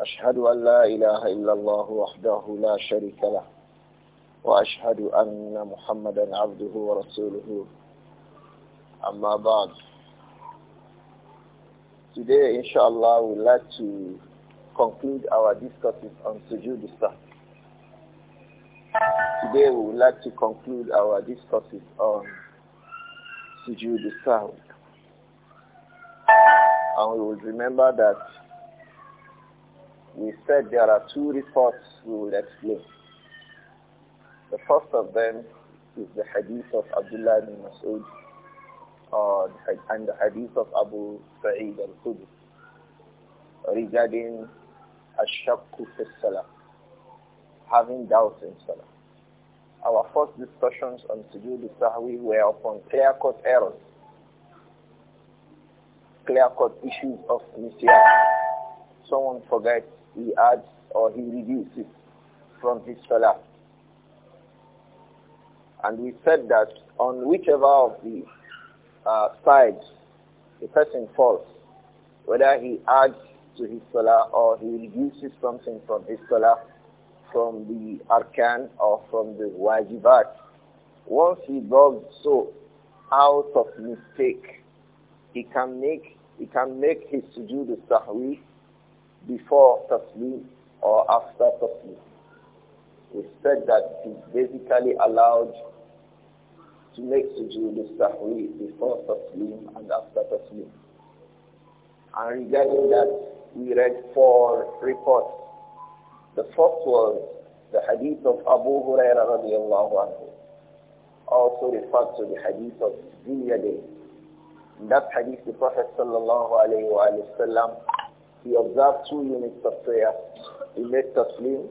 أشهد أن لا إله إلا الله وحده لا شريك له وأشهد أن محمدا عبده ورسوله أما بعد Today, inshallah, we'd like to conclude our discussions on sujood islah. Today, we would like to conclude our discussions on sujood islah. And we will remember that We said there are two reports we will explain. The first of them is the hadith of Abdullah bin Mas'ud and the hadith of Abu Sa'id al-Khudri regarding ashakku fi salah, having doubts in salah. Our first discussions on sujood sahwi were upon clear-cut errors, clear-cut issues of mistake. Someone forgets he adds or he reduces from his salah. And we said that on whichever of the uh, sides the person falls, whether he adds to his salah or he reduces something from his salah, from the arkan or from the wajibat, once he does so out of mistake, he can make he can make his sujood sahwi before taslim or after taslim. We said that it's basically allowed to make sujood sahwi before taslim and after taslim. And regarding that, we read four reports. The first was the hadith of Abu Hurairah radiallahu anhu, also referred to the hadith of Zinyadeh. In that hadith, the Prophet sallallahu alayhi wa sallam he observed two units of prayer. He made taslim.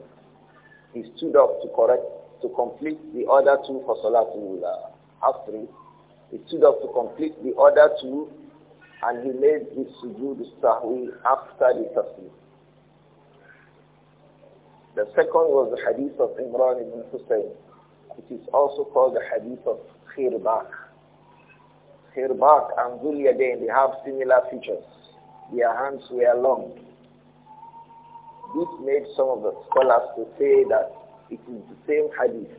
He stood up to correct, to complete the other two for Salatul uh, Asri. He stood up to complete the other two and he made his sujood sahwi after the taslim. The second was the hadith of Imran ibn Hussein. It is also called the hadith of Khirbak. Khirbak and Zulyadain, they have similar features. Their hands were long. This made some of the scholars to say that it is the same hadith.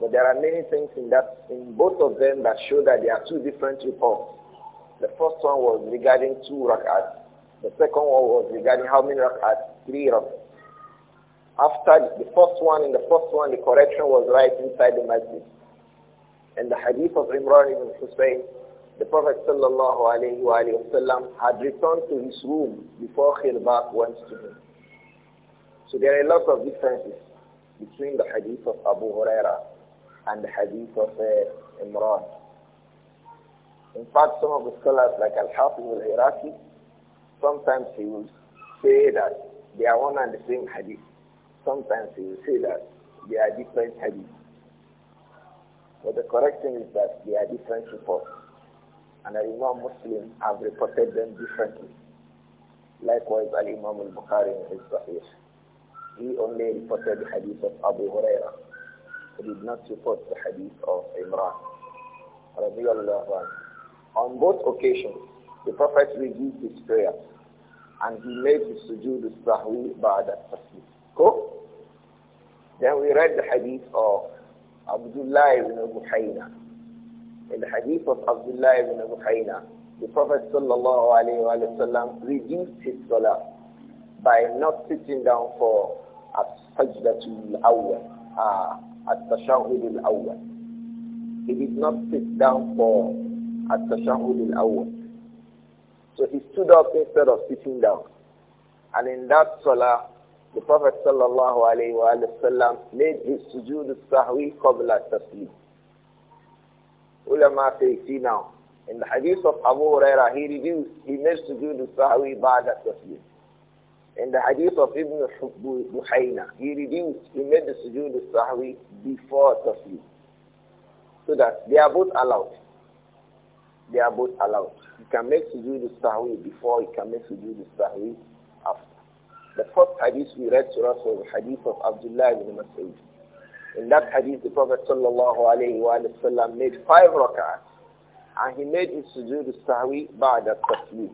But there are many things in that in both of them that show that there are two different reports. The first one was regarding two rak'at. The second one was regarding how many rak'at? Three rak'at. After the first one, in the first one, the correction was right inside the masjid. And the hadith of Imran ibn Hussein the Prophet وسلم, had returned to his room before Khirbaq went to him. So there are a lot of differences between the hadith of Abu Huraira and the hadith of uh, Imran. In fact, some of the scholars like Al-Hafiz al-Iraqi, sometimes he will say that they are one and the same hadith. Sometimes he will say that they are different hadiths. But the correct thing is that they are different reports and the imam Muslim have reported them differently. Likewise, Al-Imam al-Bukhari in his Sahih. He only reported the hadith of Abu Huraira. He did not report the hadith of Imran. On both occasions, the Prophet reduced his prayers and he made the sujood sahwi ba'da tasbih. Cool? Then we read the hadith of Abdullah ibn Muhayna in the hadith of Abdullah ibn Abu Khayna, the Prophet وسلم, reduced his salah by not sitting down for as awwal, uh, at-tashahud al-awwal. He did not sit down for at-tashahud al-awwal. So he stood up instead of sitting down. And in that salah, the Prophet sallallahu alayhi wa sallam made his sujood al-sahwi qabla taslim. Ulama say, see now, in the hadith of Abu Huraira, he reduced, he made sujood sahwi ba'da taslim. In the hadith of Ibn Buhayna, he reduced, he made the sujood sahwi before taslim. So that they are both allowed. They are both allowed. You can make sujood sahwi before, you can make sujood sahwi after. The first hadith we read to us was the hadith of Abdullah ibn Mas'ud. In that hadith, the Prophet sallallahu alayhi wa sallam made five rak'ahs. And he made his sujood sahwi ba'da taslim.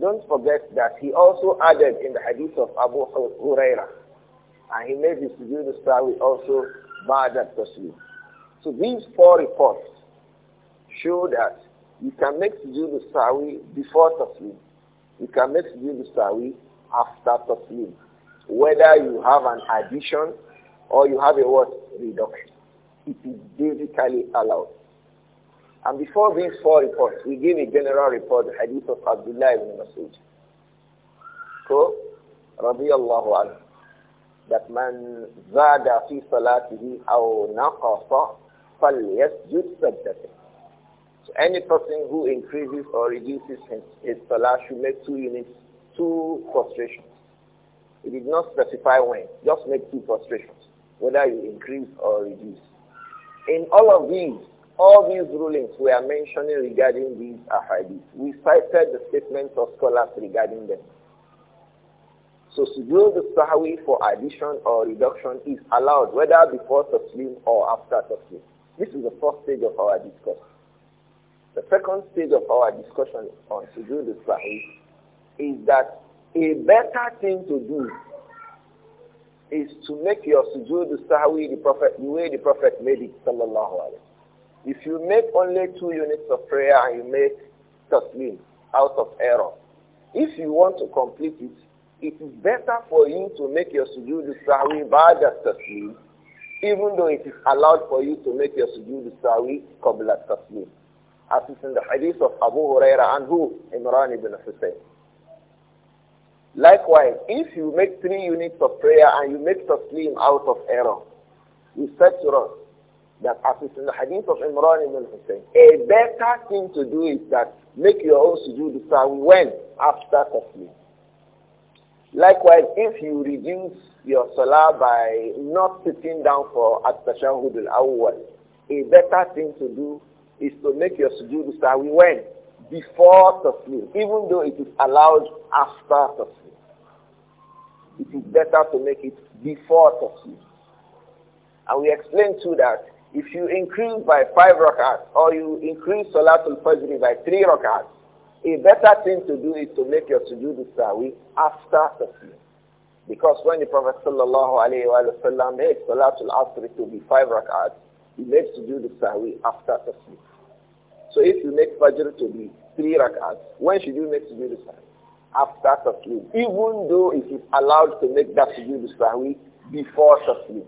Don't forget that he also added in the hadith of Abu Huraira. And he made his sujood sahwi also ba'da taslim. So these four reports show that you can make sujood sahwi before taslim. You can make sujood sahwi after taslim. Whether you have an addition or you have a what? Reduction. It is basically allowed. And before these four reports, we give a general report, the hadith of Abdullah ibn Masud. So, that man zada fi salatihi aw naqasa falyasjud sajdatah. So any person who increases or reduces his, his salah should make two units, two prostrations. It did not specify when, just make two prostrations whether you increase or reduce. In all of these, all these rulings we are mentioning regarding these ahadith, we cited the statements of scholars regarding them. So the sahwi for addition or reduction is allowed whether before taslim or after taslim. This is the first stage of our discussion. The second stage of our discussion on the sahwi is that a better thing to do is to make your sujood sahwi the prophet the way the prophet made it sallallahu alaihi if you make only two units of prayer and you make taslim out of error if you want to complete it it is better for you to make your sujood sahwi the taslim even though it is allowed for you to make your sujood sahwi qabla taslim as is in the hadith of Abu Huraira and who Imran ibn Hussein Likewise, if you make three units of prayer and you make taslim out of error, you said to us that as it's in the hadith of Imran ibn Hussein, a better thing to do is that make your own sujood sawi when? After taslim. Likewise, if you reduce your salah by not sitting down for at-tashahud al-awwal, a better thing to do is to make your sujood sawi when? before taslim, even though it is allowed after taslim. It is better to make it before taslim. And we explained too that if you increase by five rak'ahs or you increase Salatul Fajr by three rak'ahs, a better thing to do is to make your sujood sawi after taslim. Because when the Prophet sallallahu alayhi wa sallam made Salatul Asr to be five rak'ahs, he makes sujood sawi after taslim. So if you make Fajr to be three rak'ahs, when should you make Sujood Sahwi? After Taslim. Even though it is allowed to make that Sujood Sahwi before Taslim.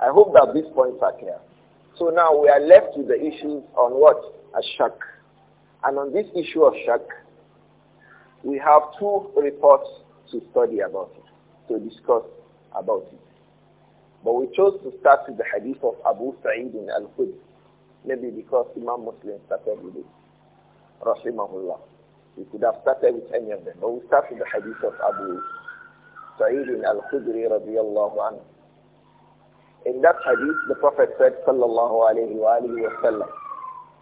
I hope that these points are clear. So now we are left with the issues on what? A And on this issue of shak, we have two reports to study about it, to discuss about it. But we chose to start with the hadith of Abu Sa'id al-Khudri Maybe because Imam Muslim started with it. Rahimahullah. We could have started with any of them. But we start with the hadith of Abu Sa'id al-Khudri radiallahu anhu. In that hadith, the Prophet said, sallallahu alayhi wa alayhi wa sallam,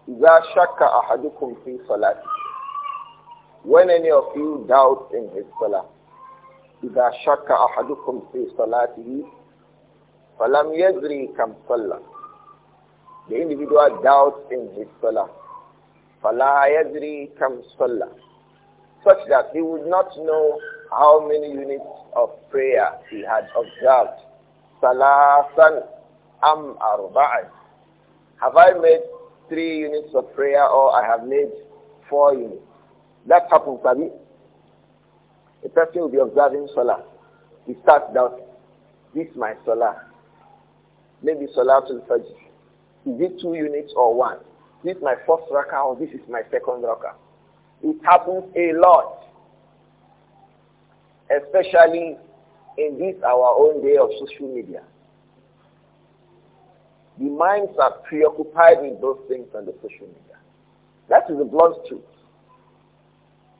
إِذَا شَكَّ أَحَدُكُمْ فِي صَلَاتِ When any of you doubts in his salah, إِذَا شَكَّ أَحَدُكُمْ فِي صَلَاتِهِ فَلَمْ يَدْرِي كَمْ صَلَّى the individual doubts in his salah. فَلَا يَدْرِي كَمْ صَلَّى Such that he would not know how many units of prayer he had observed. Salasan am arba'an. Have I made three units of prayer or I have made four units? That happens, to me. A person will be observing Salah. He starts doubting. This my Salah. Maybe Salah to Fajr. Is it two units or one? This is my first raka or this is my second raka? It happens a lot, especially in this our own day of social media. The minds are preoccupied with those things on the social media. That is the blunt truth.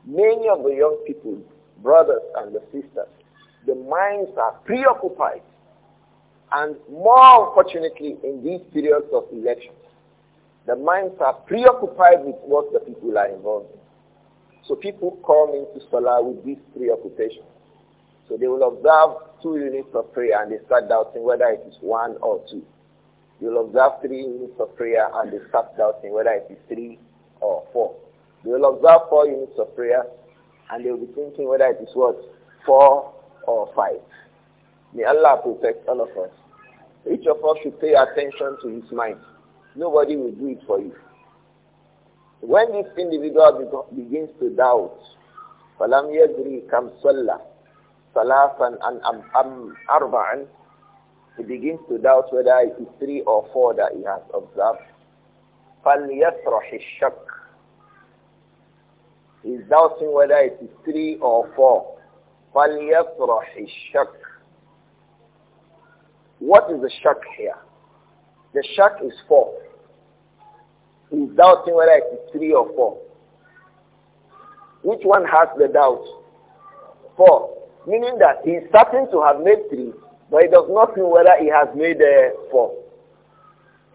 Many of the young people, brothers and the sisters, the minds are preoccupied and more unfortunately, in these periods of elections, the minds are preoccupied with what the people are involved in. So people come into Salah with these preoccupations. So they will observe two units of prayer and they start doubting whether it is one or two. They will observe three units of prayer and they start doubting whether it is three or four. They will observe four units of prayer and they will be thinking whether it is what? Four or five. May Allah protect all of us. Each of us should pay attention to his mind. Nobody will do it for you. When this individual begins to doubt, فَلَمْ يَدْرِي كَمْ صَلَّى ثَلَاثًا أَمْ أَرْبَعًا He begins to doubt whether it is three or four that he has observed. فَلْيَسْرَحِ الشَّكْ He is doubting whether it is three or four. فَلْيَسْرَحِ الشَّكْ what is the shark here? The shark is four. He's doubting whether it is three or four. Which one has the doubt? Four. Meaning that he is certain to have made three, but he does not know whether he has made uh, four.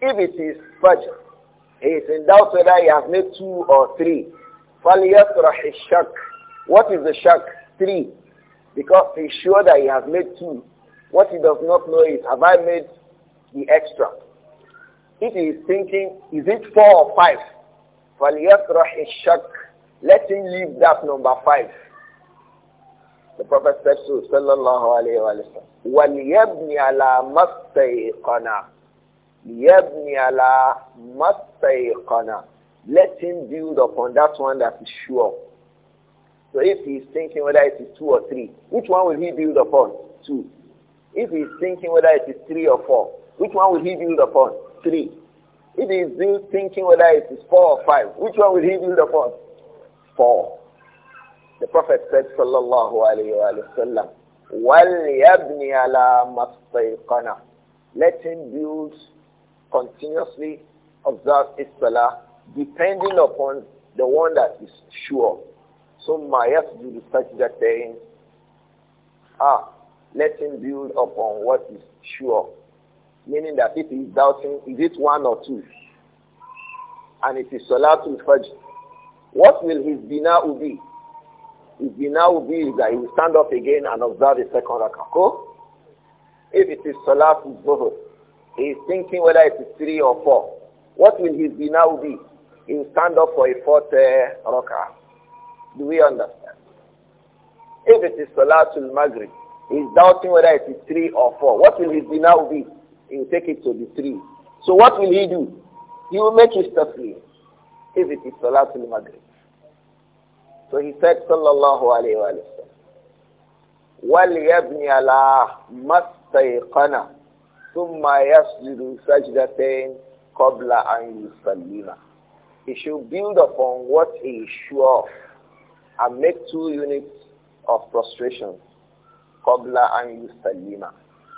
If it is Fajr, he is in doubt whether he has made two or three. فَلْيَفْرَحِ الشَّكْ What is the shark Three. Because he is sure that he has made two. What he does not know is, have I made the extra? If he is thinking, is it four or five? الشَّكْ Let him leave that number five. The Prophet said to sallallahu alayhi wa sallam, وَلْيَبْنِ عَلَى مَسْتَيْقَنَا لِيَبْنِ عَلَى مَسْتَيْقَنَا Let him build upon that one that is sure. So if he is thinking whether it is two or three, which one will he build upon? Two. If he is thinking whether it is three or four, which one will he build upon? Three. If he is thinking whether it is four or five, which one will he build upon? Four. The Prophet said, Sallallahu Alaihi Wasallam, وَلْيَبْنِ عَلَى مَسْتَيْقَنَةً Let him build continuously, observe his salah, depending upon the one that is sure. So my yes do that thing. Ah, let him build upon what is sure. Meaning that if he is doubting, is it one or two? And if it is Salatul Fajr. What will his bina'u be? His will be is that he will stand up again and observe the second rakah. If it is Salatul Zuhur, he is thinking whether it is three or four. What will his bina'u be? He will stand up for a fourth uh, rakah. Do we understand? If it is Salatul Maghrib, He's doubting whether it is three or four. What will his dinar be? He will take it to the three. So what will he do? He will make his taslim if it is Salatul Maghrib. So he said, Sallallahu Alaihi Wasallam, وَلْيَبْنِ عَلَىٰ مَسْتَيْقَنَ ثُمَّ يَسْجُدُ سَجْدَتَيْنِ قَبْلَ أَنْ يُسَلِّمَ He should build upon what he is sure of and make two units of prostration قبل an يسلم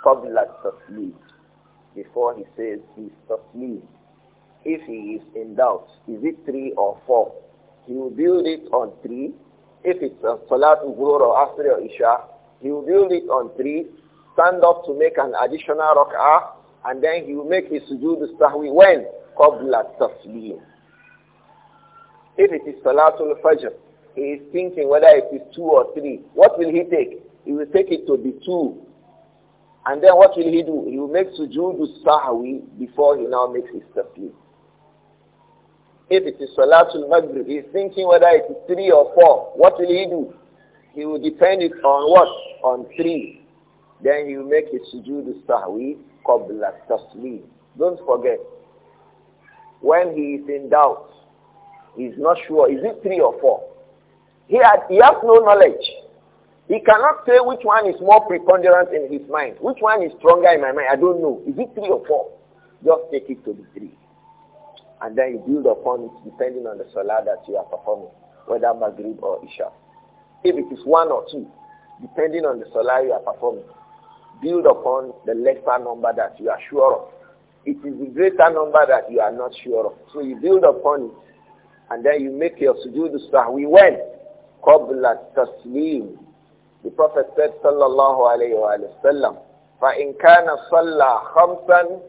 قبل taslim. before he says his taslim. If he is in doubt, is it three or four? He will build it on three. If it's a Salat Zuhr or Asr or Isha, he will build it on three, stand up to make an additional rak'ah, and then he will make his sujood sahwi when? Qabla taslim. If it is Salatul Fajr, he is thinking whether it is two or three. What will he take? He will take it to be two. And then what will he do? He will make sujood sahwi before he now makes his tafsir. If it is Salatul Maghrib, he is thinking whether it is three or four. What will he do? He will depend it on what? On three. Then he will make his sujood sahwi qabla taslim. Don't forget, when he is in doubt, he is not sure, is it three or four? He, had, he has no knowledge. He cannot say which one is more preponderant in his mind. Which one is stronger in my mind? I don't know. Is it three or four? Just take it to be three. And then you build upon it depending on the salah that you are performing, whether Maghrib or Isha. If it is one or two, depending on the salah you are performing, build upon the lesser number that you are sure of. It is the greater number that you are not sure of. So you build upon it and then you make your sujood sahwi when? قبل التسليم the Prophet said, sallallahu alayhi wa sallam, فَإِنْ كَانَ صَلَّى خَمْسًا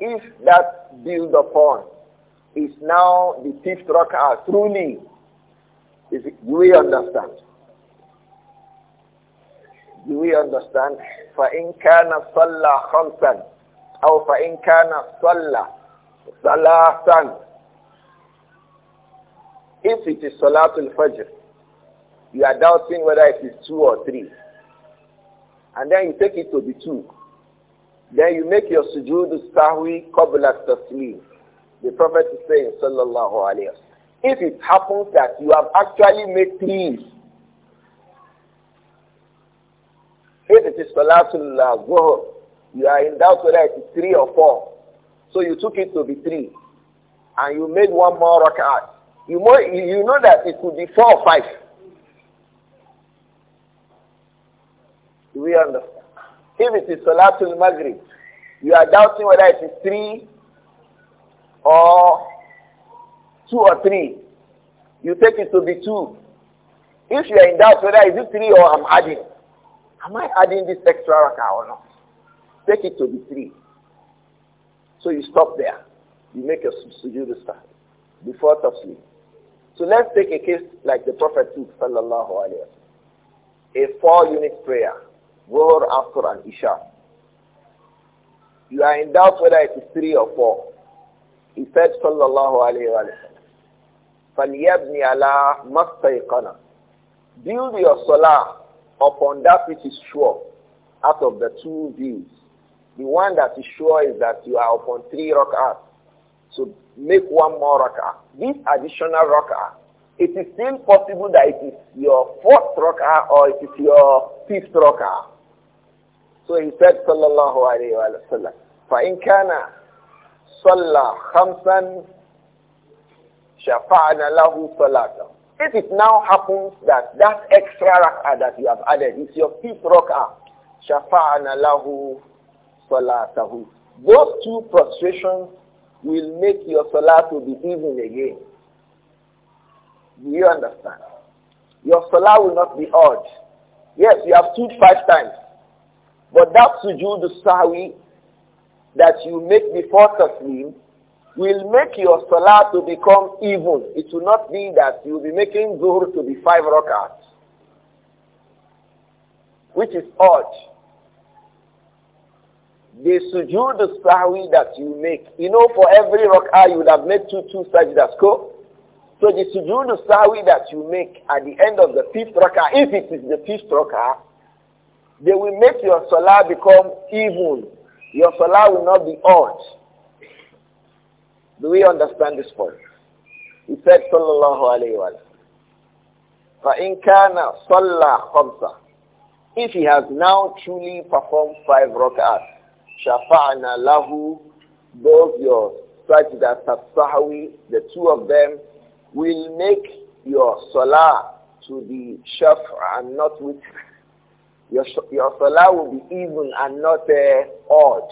If that build upon is now the fifth rak'ah, truly, is it, do we understand? Do we understand? فَإِنْ كَانَ صَلَّى خَمْسًا أو فإن كان صلى ثلاثا if it is Salatul Fajr you are doubting whether it is two or three. And then you take it to be two. Then you make your sujood sahwi qabla taslim. The Prophet is saying, sallallahu alayhi wa If it happens that you have actually made three, if it is salatul zuhr, you are in doubt whether it is three or four. So you took it to be three. And you made one more rak'at. You, you know that it could be four or five. Do we understand? If it is Salatul Maghrib, you are doubting whether it is three or two or three. You take it to be two. If you are in doubt whether it three or I'm adding, am I adding this extra raka or not? Take it to be three. So you stop there. You make your sujood start before tafsir. So let's take a case like the Prophet took, sallallahu alayhi wa A four-unit prayer. Dhuhr, Asr, and Isha. You are in doubt whether it is three or four. He said, Sallallahu Alaihi Wasallam, فَلْيَبْنِ عَلَىٰ مَسْتَيْقَنَا Build your salah upon that which is sure out of the two views. The one that is sure is that you are upon three rak'ahs. So make one more rak'ah. This additional rak'ah, it is still possible that it is your fourth rak'ah or it is your fifth rak'ah. So he said, sallallahu alayhi wa sallam, فَإِنْ كَانَ صَلَّى خَمْسًا شَفَعْنَ لَهُ صَلَاتًا If it now happens that that extra rak'ah that you have added is your fifth rak'ah, شَفَعْنَا لَهُ صَلَاتَهُ Those two prostrations will make your salah to be even again. Do you understand? Your salah will not be odd. Yes, you have stood five times. But that sujood sawi that you make before taslim will make your salah to become even. It will not be that you'll be making zuhr to be five rakats, which is odd. The sujood sawi that you make, you know, for every rak'ah you would have made two two sajdas, go. So the sujood sawi that you make at the end of the fifth rak'ah, if it is the fifth rak'ah, they will make your salah become even. Your salah will not be odd. Do we understand this point? He said, Sallallahu alayhi Wasallam, sallam, If he has now truly performed five rak'ahs, shafa'na lahu, both your sajdas as-sahwi, the two of them, will make your salah to be shafa' and not with your, your salah will be even and not uh, odd.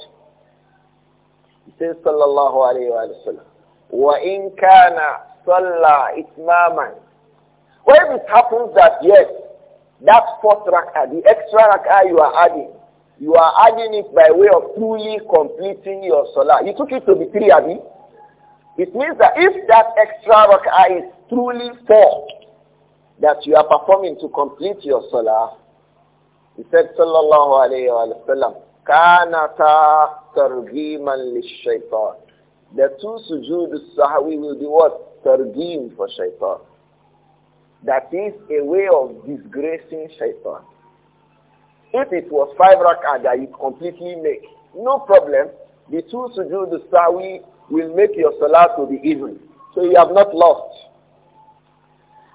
He says, sallallahu alayhi wa sallam, وَإِن كَانَ صَلَّى إِتْمَامًا When it happens that, yes, that fourth rak'ah, the extra rak'ah you are adding, you are adding it by way of truly completing your salah. You took it to be three, Abi. It means that if that extra rak'ah is truly four that you are performing to complete your salah, he said, sallallahu alayhi wa sallam, كَانَتَا تَرْغِيمًا لِلشَّيْطَانِ The two sujood sahwi will be what? Targim for shaitan. That is a way of disgracing shaitan. If it was five rak'ah that you completely make, no problem. The two sujood sahwi will make your salah to be even. So you have not lost.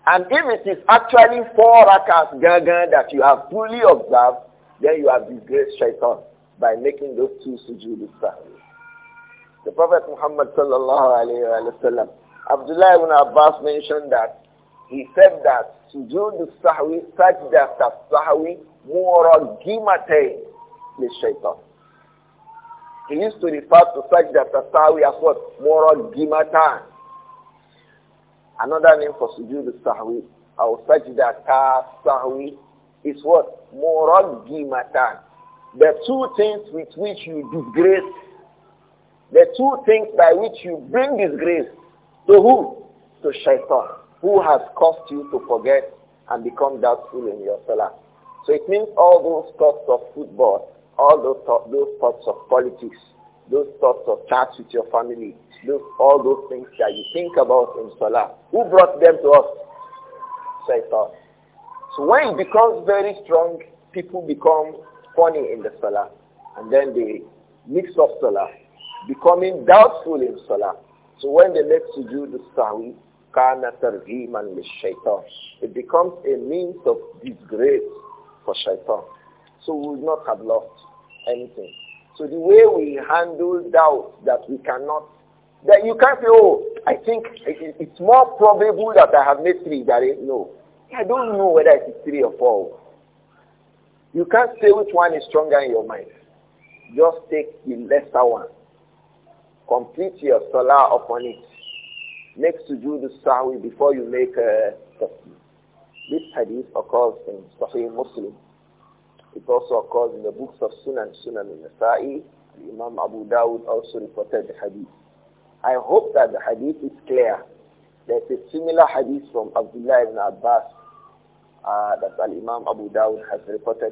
And if it is actually four rakats gagan that you have fully observed, then you have disgraced shaitan by making those two sujood sahwi. The Prophet Muhammad sallallahu alayhi wa sallam, Abdullah ibn Abbas mentioned that he said that sujood sahwi, that sahwi, muragimatayn lil shaitan. He used to refer to that sahwi as what? Muragimatan. Another name for sujood sahwi or sajda ta sahwi is what? Muraggimatan. The two things with which you disgrace, the two things by which you bring disgrace to who? To shaitan, who has caused you to forget and become doubtful in your salah. So it means all those thoughts of football, all those, those thoughts of politics, those thoughts of chats with your family, Look, all those things that you think about in Salah. Who brought them to us? Shaitan. So when it becomes very strong, people become funny in the Salah. And then they mix up Salah, becoming doubtful in Salah. So when they make sujood sahwi, kana targhiman shaitan. It becomes a means of disgrace for shaitan. So we would not have lost anything. So the way we handle doubt that we cannot then you can't say, oh, I think it's more probable that I have made three. That is, no. I don't know whether it is three or four. You can't say which one is stronger in your mind. Just take the lesser one. Complete your salah upon it. Make sujood sawi before you make uh, a This hadith occurs in Sahih Muslim. It also occurs in the books of Sunan, Sunan al-Nasa'i. Imam Abu Dawud also reported the hadith. I hope that the hadith is clear. There's a similar hadith from Abdullah ibn Abbas uh, that Al-Imam Abu Dawud has reported.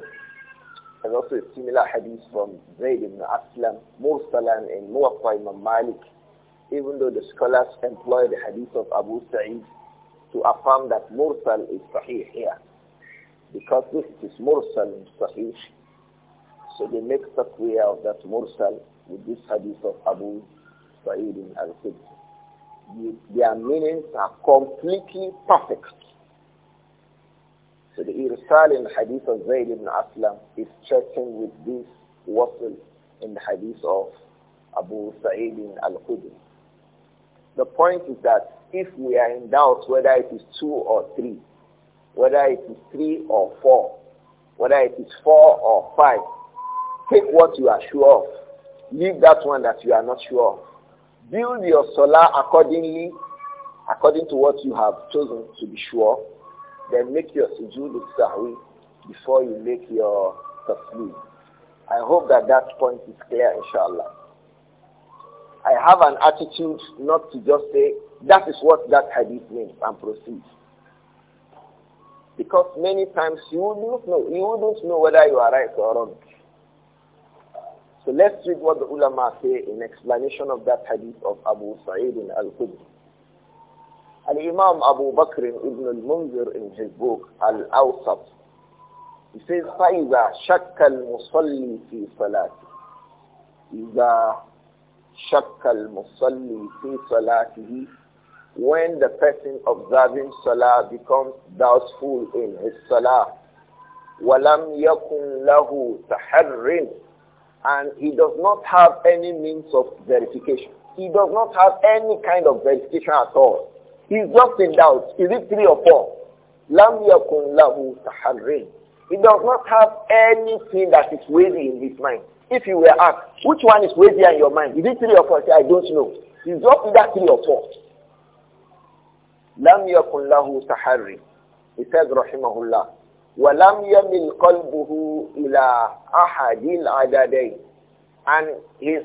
There's also a similar hadith from Zayd ibn Aslam, Mursalan and Muwafqa Imam Malik, even though the scholars employ the hadith of Abu Sa'id to affirm that Mursal is Sahih here. Because this is Mursal is Sahih. So they make taqwiyah of that Mursal with this hadith of Abu Sa'idin al-Qudsi. Their meanings are completely perfect. So the Irsal hadith of Zayd ibn Aslam is checking with this wasl in the hadith of Abu Sa'id al-Khudri. The point is that if we are in doubt whether it is two or three, whether it is three or four, whether it is four or five, take what you are sure of. Leave that one that you are not sure of. Build your solar accordingly, according to what you have chosen to be sure. Then make your sujood sahwi before you make your tasleem. I hope that that point is clear, inshallah. I have an attitude not to just say, that is what that hadith means, and proceed. Because many times you will not know, you wouldn't know whether you are right or wrong. So let's read what the ulama say in explanation of that hadith of Abu Sa'id al-Khudri. Al-Imam Abu Bakr ibn al-Munzir in his book Al-Awsat, he says, فَإِذَا شَكَّ الْمُصَلِّي فِي صَلَاتِهِ إِذَا شَكَّ الْمُصَلِّي فِي صَلَاتِهِ When the person observing salah becomes doubtful in his salah, وَلَمْ يَكُنْ لَهُ تَحَرٍّ and he does not have any means of verification. He does not have any kind of verification at all. He's just in doubt. Is it three or four? Lam yakun lahu taharrin. He does not have anything that is weighty in his mind. If you were asked, which one is weightier in your mind? Is it three or four? I don't know. He's just either three or four. Lam yakun lahu taharrin. He says, rahimahullah. وَلَمْ يَمِلْ قَلْبُهُ إِلَىٰ أَحَدِ الْعَدَدَيْنِ And his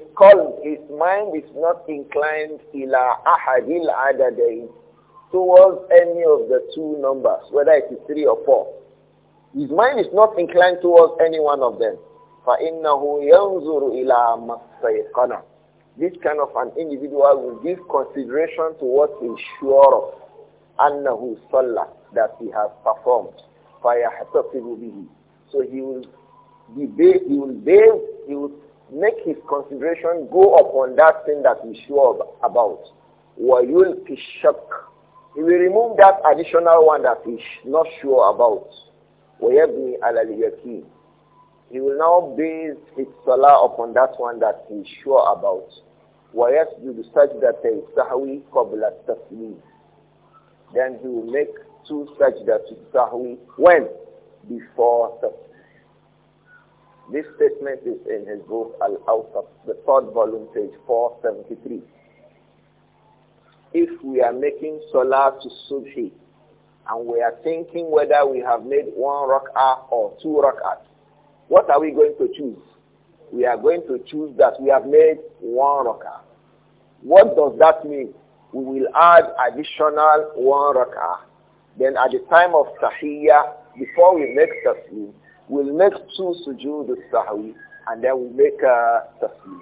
his mind is not inclined إِلَىٰ أَحَدِ الْعَدَدَيْنِ towards any of the two numbers, whether it is three or four. His mind is not inclined towards any one of them. فَإِنَّهُ يَنْظُرُ إِلَىٰ مَسْتَيْقَنَةً This kind of an individual will give consideration to what is sure of, أَنَّهُ صَلَّى that he has performed. فَيَحْتَصِبُ بِهِ So he will debate, he will base, he will make his consideration go upon that thing that he's sure about. وَيُلْقِ الشَّكْ He will remove that additional one that he's not sure about. وَيَبْنِي عَلَى الْيَقِينِ He will now base his salah upon that one that he's sure about. وَيَسْجُدُ سَجْدَةَ السَّهْوِ قَبْلَ التَّسْلِيمِ Then he will make to such that sahwi when? Before This statement is in his book Al-Awsat, the third volume, page 473. If we are making salah to subhi and we are thinking whether we have made one rak'ah or two rak'ahs, what are we going to choose? We are going to choose that we have made one rak'ah. What does that mean? We will add additional one rak'ah then at the time of tahiyya, before we make taslim, we'll make two sujood sahwi and then we'll make uh, taslim.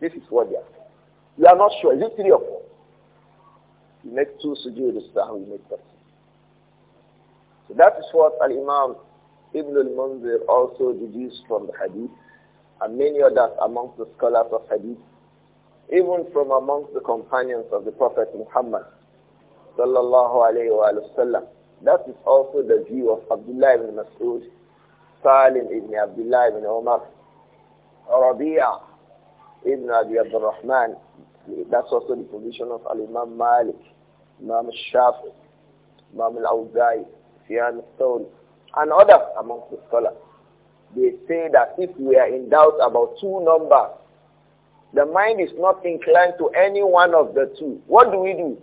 This is what they are. We are not sure. Is it three or four? We make two sujood sahwi, make taslim. So that is what Al-Imam Ibn al-Munzir also deduced from the hadith and many others amongst the scholars of hadith, even from amongst the companions of the Prophet Muhammad sallallahu alayhi wa sallam. That is also the view of Abdullah ibn Mas'ud, Salim ibn Abdullah ibn Umar, Rabi'a ibn Abi Abdul Rahman. That's also the position of Al-Imam Malik, Imam Shafi, Imam Al-Awzai, Fiyan Stone, and others amongst the scholars. They say that if we are in doubt about two numbers, the mind is not inclined to any one of the two. What do we do?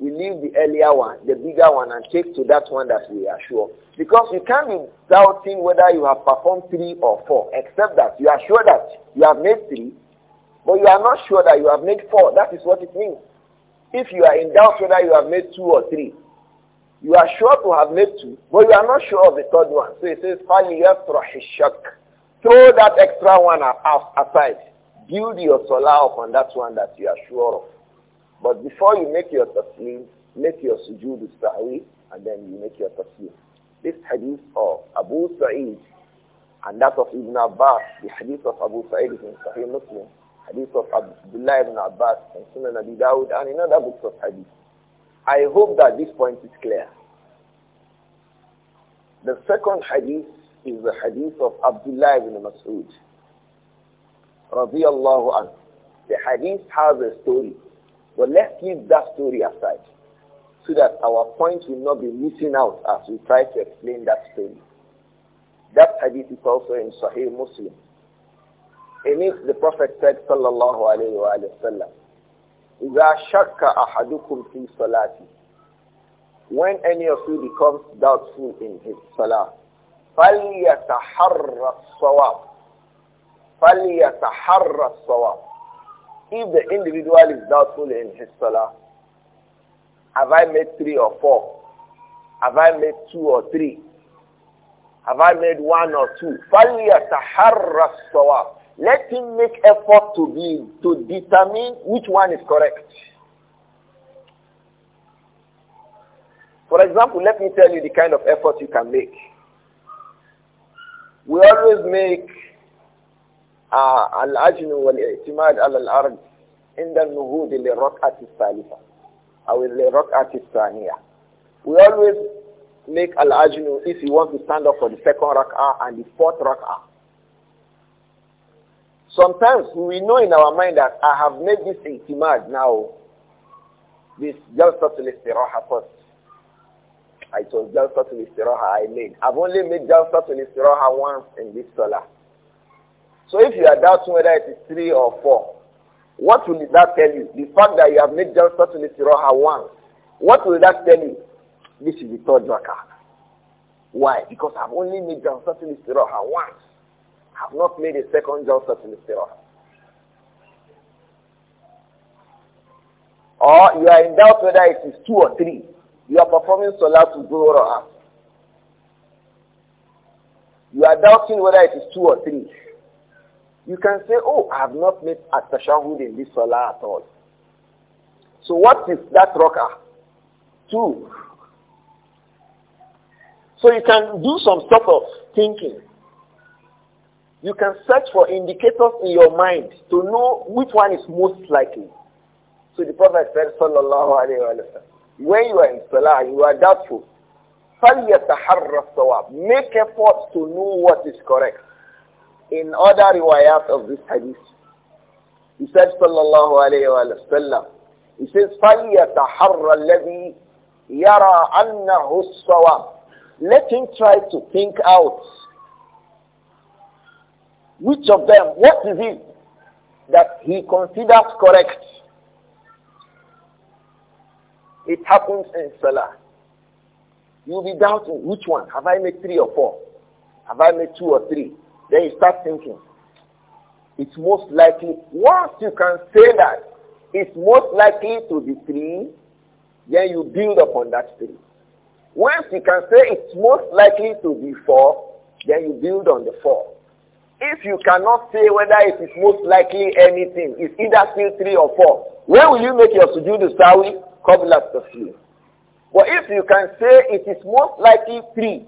we leave the earlier one, the bigger one, and take to that one that we are sure. Because you can't be doubting whether you have performed three or four, except that you are sure that you have made three, but you are not sure that you have made four. That is what it means. If you are in doubt whether you have made two or three, you are sure to have made two, but you are not sure of the third one. So it says, Throw that extra one aside. Build your solar upon that one that you are sure of. But before you make your taslim, make your sujood sahi and then you make your taslim. This hadith of Abu Sa'id and that of Ibn Abbas, the hadith of Abu Sa'id in Sahih Muslim, hadith of Abdullah ibn Abbas and Sunan Abi Dawud and in other books of hadith. I hope that this point is clear. The second hadith is the hadith of Abdullah ibn Mas'ud. Radiallahu anhu. The hadith has a story. But let's leave that story aside so that our point will not be missing out as we try to explain that story. That hadith is also in Sahih Muslim. In it, the Prophet said, sallallahu alayhi wa sallam, إِذَا شَكَّ أَحَدُكُمْ فِي صَلَاتِهِ When any of you becomes doubtful in his salah, فَلْيَتَحَرَّ الصَّوَابِ فَلْيَتَحَرَّ الصَّوَابِ if the individual is doubtful in his salah, have I made three or four? Have I made two or three? Have I made one or two? فَلْيَتَحَرَّ الصَّوَابِ Let him make effort to be, to determine which one is correct. For example, let me tell you the kind of effort you can make. We always make العجن والاعتماد على الأرض عند النهوض للركعة الثالثة أو للركعة الثانية. We always make al-ajnu if you want to stand up for the second rak'ah and the fourth rak'ah. Sometimes we know in our mind that I have made this itimad now, this jalsatul istiraha first. I told jalsa istiraha I made. I've only made jalsa istiraha once in this salah. So if you are doubting whether it is three or four, what will that tell you? The fact that you have made Jalsat to Siroha once, what will that tell you? This is the third Rakah. Why? Because I've only made Jalsat to Siroha once. I've not made a second Jalsat to Siroha. Or you are in doubt whether it is two or three. You are performing Salah to Zuhur or You are doubting whether it is two or three. You can say, oh, I have not met a tashahud in this salah at all. So what is that rocker? Two. So you can do some sort of thinking. You can search for indicators in your mind to know which one is most likely. So the Prophet said, Sallallahu wa sallam," when you are in Salah, you are doubtful. فَلْيَتَحَرَّ الصَّوَابِ Make efforts to know what is correct in other riwayat of this hadith. He said, sallallahu alayhi wa sallam, he says, فَلْيَتَحَرَّ الَّذِي يَرَى أَنَّهُ الصَّوَابِ Let him try to think out which of them, what is it that he considers correct? It happens in Salah. You'll be doubting which one. Have I made three or four? Have I made two or three? Then you start thinking. It's most likely, once you can say that, it's most likely to be three, then you build upon that three. Once you can say it's most likely to be four, then you build on the four. If you cannot say whether it is most likely anything, it's either still three or four. Where will you make your sujood sawi? Qabla tafsir. But if you can say it is most likely three,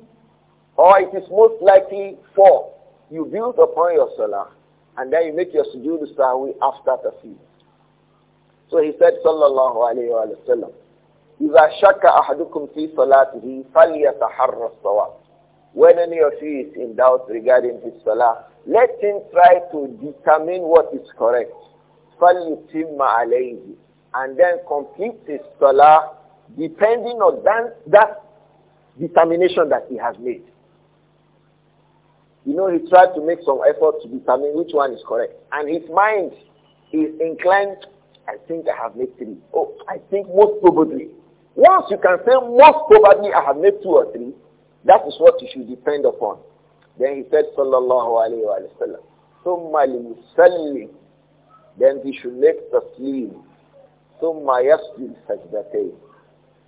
or it is most likely four, you build upon your salah, and then you make your sujood sahwi after tafsir. So he said, sallallahu alayhi wa sallam, إِذَا شَكَ أَحَدُكُمْ فِي صَلَاتِهِ فَلْيَتَحَرَّ الصَّوَابِ When any of you is in doubt regarding his salah, let him try to determine what is correct. فَلْيُتِمَّ عَلَيْهِ And then complete his salah depending on that, that determination that he has made. You know, he tried to make some effort to determine which one is correct. And his mind is inclined, I think I have made three. Oh, I think most probably. Once you can say most probably I have made two or three, that is what you should depend upon. Then he said, Sallallahu alayhi wa sallam, Thumma Then he should make the sleep. Thumma yasjud sajdatayn.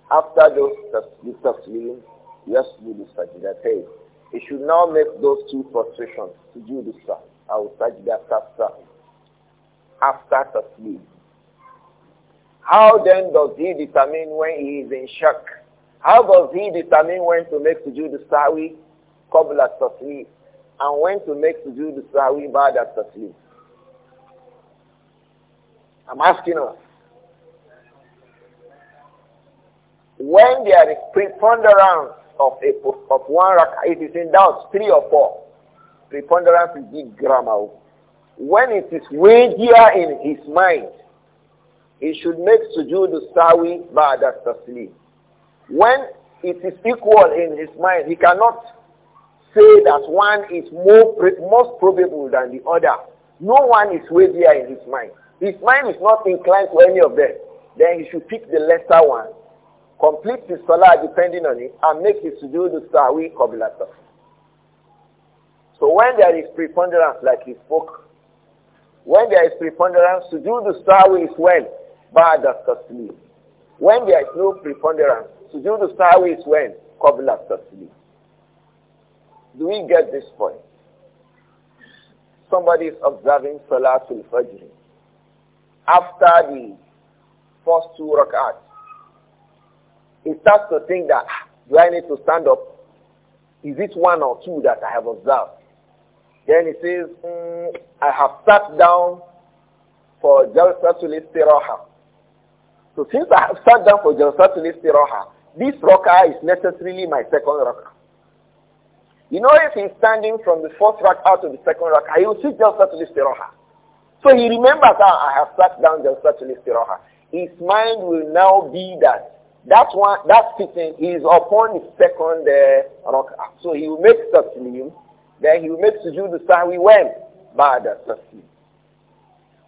After those, the taslim, yasjud sajdatayn. He should now make those two frustrations to do this stuff. I will start that after After the sleep. How then does he determine when he is in shock? How does he determine when to make to do the sawi qabla and when to make to do the sawi sleep? I'm asking us. When there is preponderance of, a, of one rak'ah, it is in doubt, three or four. Preponderance is big grammar. When it is weightier in his mind, he should make sujood sawi ba'da taslim. When it is equal in his mind, he cannot say that one is more most probable than the other. No one is weightier in his mind. His mind is not inclined to any of them. Then he should pick the lesser one complete his salah depending on it, and make his sujood sawi qabla So when there is preponderance, like he spoke, when there is preponderance, sujood sawi is when baad ba'da taslim. When there is no preponderance, sujood sawi is when qabla taslim. Do we get this point? Somebody is observing Salatul Fajr. After the first two rak'ats, he starts to think that, ah, do I need to stand up? Is it one or two that I have observed? Then he says, mm, I have sat down for Jalsatul Istiraha. So since I have sat down for Jalsatul Istiraha, this rak'ah is necessarily my second rak'ah. You know, if he's standing from the first out to the second rock, he will see Jalsatul Istiraha. So he remembers, ah, I have sat down Jalsatul Istiraha. His mind will now be that that one, that sitting is upon the second uh, So he will make taslim, then he will make sujood sahwi when? Ba'da taslim.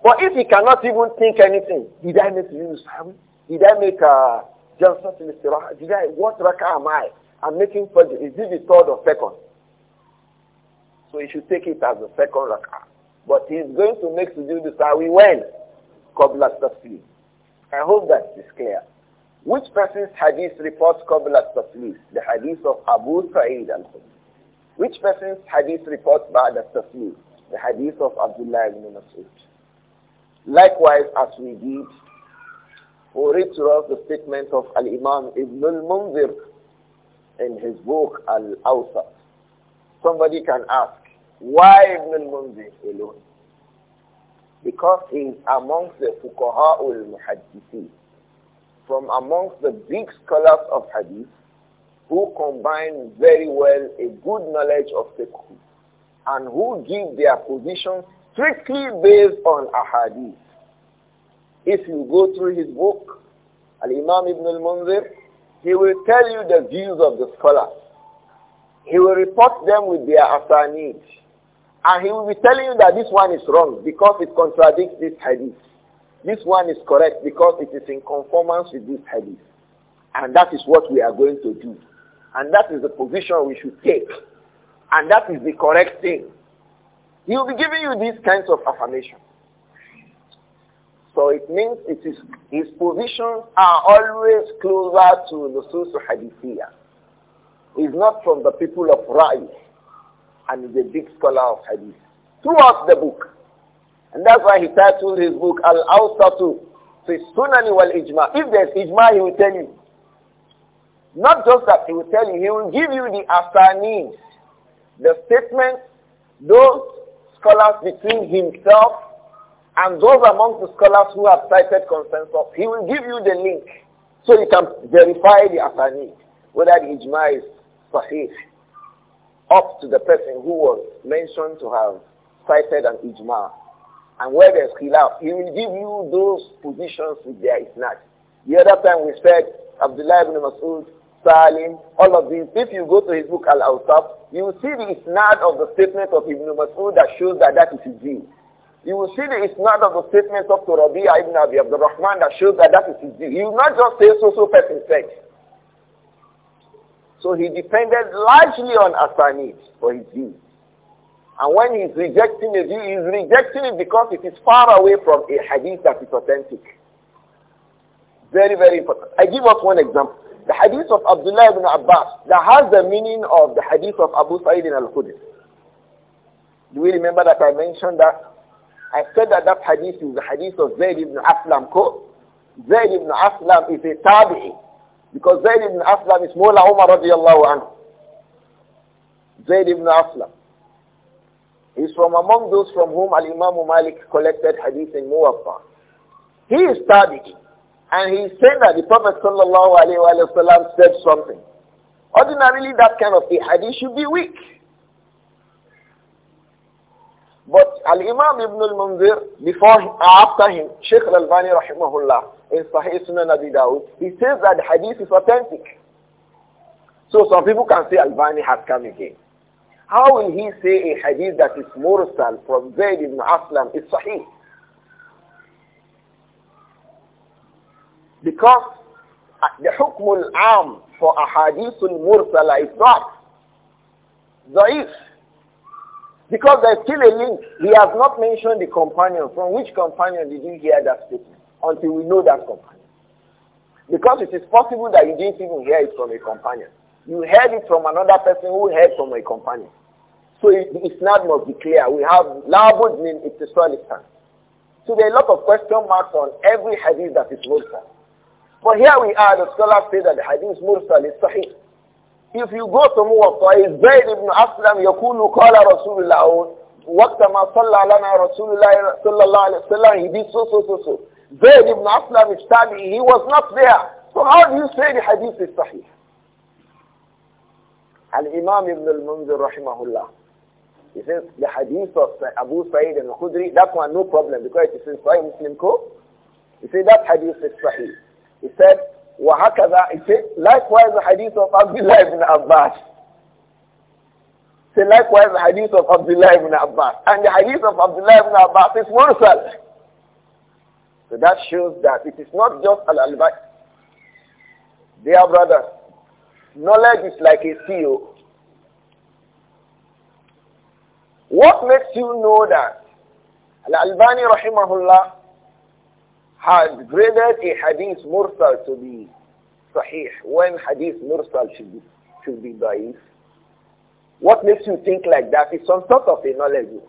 But if he cannot even think anything, did I make sujood sahwi? Did I make uh, Jalsat al-Istirah? Did I, what raka am I? I'm making fajr. Is it the third or second? So he should take it as the second raka. But he is going to make sujood sahwi when? Qabla taslim. I hope that is clear. Which person's hadith reports Qabl al-Taslim? The hadith of Abu Sa'id al-Khudri. Which person's hadith reports Ba'd al-Taslim? The hadith of Abdullah ibn Mas'ud. Likewise, as we did, we read to the statement of Al-Imam Ibn al-Munzir in his book Al-Awsat. Somebody can ask, why Ibn al-Munzir alone? Because he is amongst the Fuqaha al-Muhaddithin from amongst the big scholars of hadith who combine very well a good knowledge of the Qur'an and who give their position strictly based on a hadith. If you go through his book, Al-Imam Ibn al-Munzir, he will tell you the views of the scholars. He will report them with their asanid. And he will be telling you that this one is wrong because it contradicts this hadith. This one is correct because it is in conformance with this hadith. And that is what we are going to do. And that is the position we should take. And that is the correct thing. He will be giving you these kinds of affirmation. So it means it is, his positions are always closer to the Nusus He He's not from the people of Ra'i and is a big scholar of Hadith. Throughout the book, and that's why he titled his book Al-Awsatu fi Sunani wal Ijma. If there's Ijma, he will tell you. Not just that, he will tell you, he will give you the asanis, the statements, those scholars between himself and those among the scholars who have cited consensus. He will give you the link so you can verify the asanis, whether the Ijma is sahih, up to the person who was mentioned to have cited an Ijma. And where there's khilaf, he will give you those positions with their isnad. The other time we said, Abdullah ibn Mas'ud, Salim, all of these. If you go to his book Al-Awsaf, you will see the isnad of the statement of Ibn Mas'ud that shows that that is his view. You will see the isnad of the statement of Rabi'a ibn Abi Abdul Rahman that shows that that is his view. He will not just say so-so person said. So he depended largely on Asanid for his view. And when he's rejecting a view, he's rejecting it because it is far away from a hadith that is authentic. Very, very important. I give us one example. The hadith of Abdullah ibn Abbas that has the meaning of the hadith of Abu Sa'id al-Khudri. Do we remember that I mentioned that? I said that that hadith is the hadith of Zayd ibn Aslam. Zayd ibn Aslam is a tabi'i because Zayd ibn Aslam is Mawla Umar radiallahu anhu. Zayd ibn Aslam is from among those from whom Al-Imam Malik collected hadith in Muwatta. He is tabi'i. And he is saying that the Prophet sallallahu alayhi wa said something. Ordinarily that kind of a hadith should be weak. But Al-Imam Ibn al-Munzir, before, after him, Sheikh Al-Bani rahimahullah, in Sahih Sunan Abi Dawud, he says that the hadith is authentic. So some people can say al bani has come again. How will he say a hadith that is mursal from Zayd ibn Aslam is sahih? Because uh, the hukm al-am for a hadith al-mursala is not da'if. Because there's still a link. He has not mentioned the companion. From which companion did you hear that statement? Until we know that companion. Because it is possible that you didn't even hear it from a companion. You heard it from another person who heard from a companion. So it, not isnad must be clear. We have labud min ittisalisan. So there are a lot of question marks on every hadith that is mursal. But here we are, the scholars say that the hadith mursal is sahih. If you go to Muwatta, it's Zayd ibn Aslam يقول قال رسول الله وقت ما صلى لنا رسول الله صلى الله عليه وسلم he did so so so so. Zayd ibn Aslam is he was not there. So how do you say the hadith is sahih? Al-Imam ibn al-Munzir rahimahullah he says the hadith of Abu Sa'id and Khudri, that one no problem because it is in Sahih Muslim Co. He said that hadith is Sahih. He said, وَهَكَذَا He said, likewise the hadith of Abdullah ibn Abbas. He said, likewise the hadith of Abdullah ibn Abbas. And the hadith of Abdullah ibn Abbas is Mursal. So that shows that it is not just Al-Albani. Dear brothers, knowledge is like a seal what makes you know that Al-Albani rahimahullah had graded a hadith mursal to be sahih when hadith mursal should be, should be da'if? What makes you think like that is some sort of a knowledge.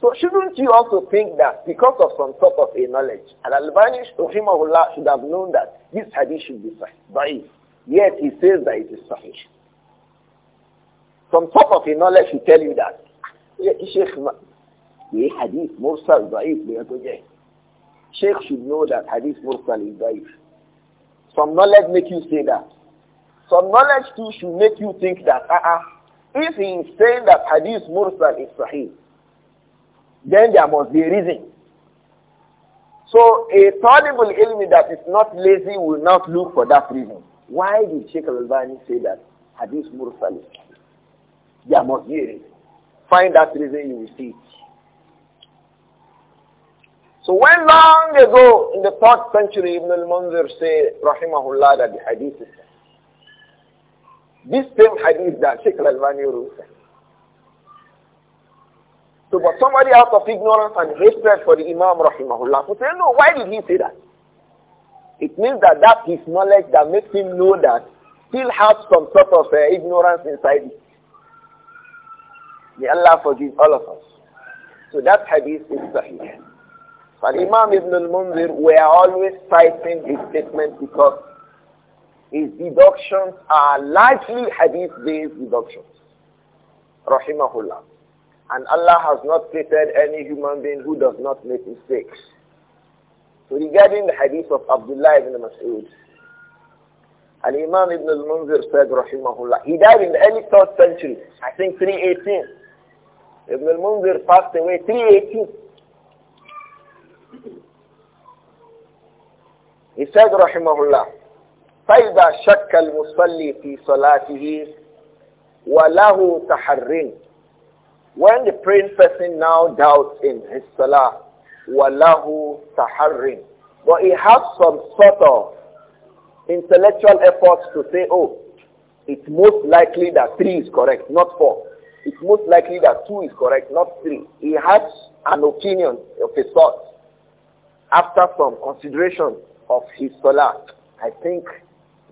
So shouldn't you also think that because of some sort of a knowledge, Al-Albani rahimahullah should have known that this hadith should be sahih, da'if. Yet he says that it is sahih. From top of your knowledge will tell you that. Sheikh, the hadith mursal da'if, Sheikh should know that hadith mursal is da'if. Some knowledge make you say that. Some knowledge too should make you think that, uh-uh, if he is saying that hadith mursal is sahih, then there must be a reason. So a tolerable ilmi that is not lazy will not look for that reason. Why did Sheikh al-Albani say that hadith mursal is they are not hearing. Find that reason, you will see it. So when long ago, in the third century, Ibn al-Munzir said, Rahimahullah, that the hadith is this same hadith that Sheikh Al-Albani wrote. So, but somebody out of ignorance and hatred for the Imam Rahimahullah who say, no, why did he say that? It means that that is knowledge that makes him know that still has some sort of uh, ignorance inside May Allah forgive all of us. So that hadith is sahih. But Imam Ibn al-Munzir, we are always citing his statement because his deductions are largely hadith-based deductions. Rahimahullah. And Allah has not created any human being who does not make mistakes. So regarding the hadith of Abdullah ibn Mas'ud, and Imam ibn al-Munzir said, Rahimahullah, he died in the early 3rd century, I think 318. Ibn al-Munzir passed away 380. He said, Rahimahullah, فَإِذَا شَكَّ الْمُصَلِّي فِي صَلَاتِهِ وَلَهُ تَحَرِّنْ When the praying person now doubts in his salah, وَلَهُ تَحَرِّنْ But he has some sort of intellectual efforts to say, oh, it's most likely that three is correct, not four it's most likely that two is correct, not three. He has an opinion of a sort after some consideration of his salah. I think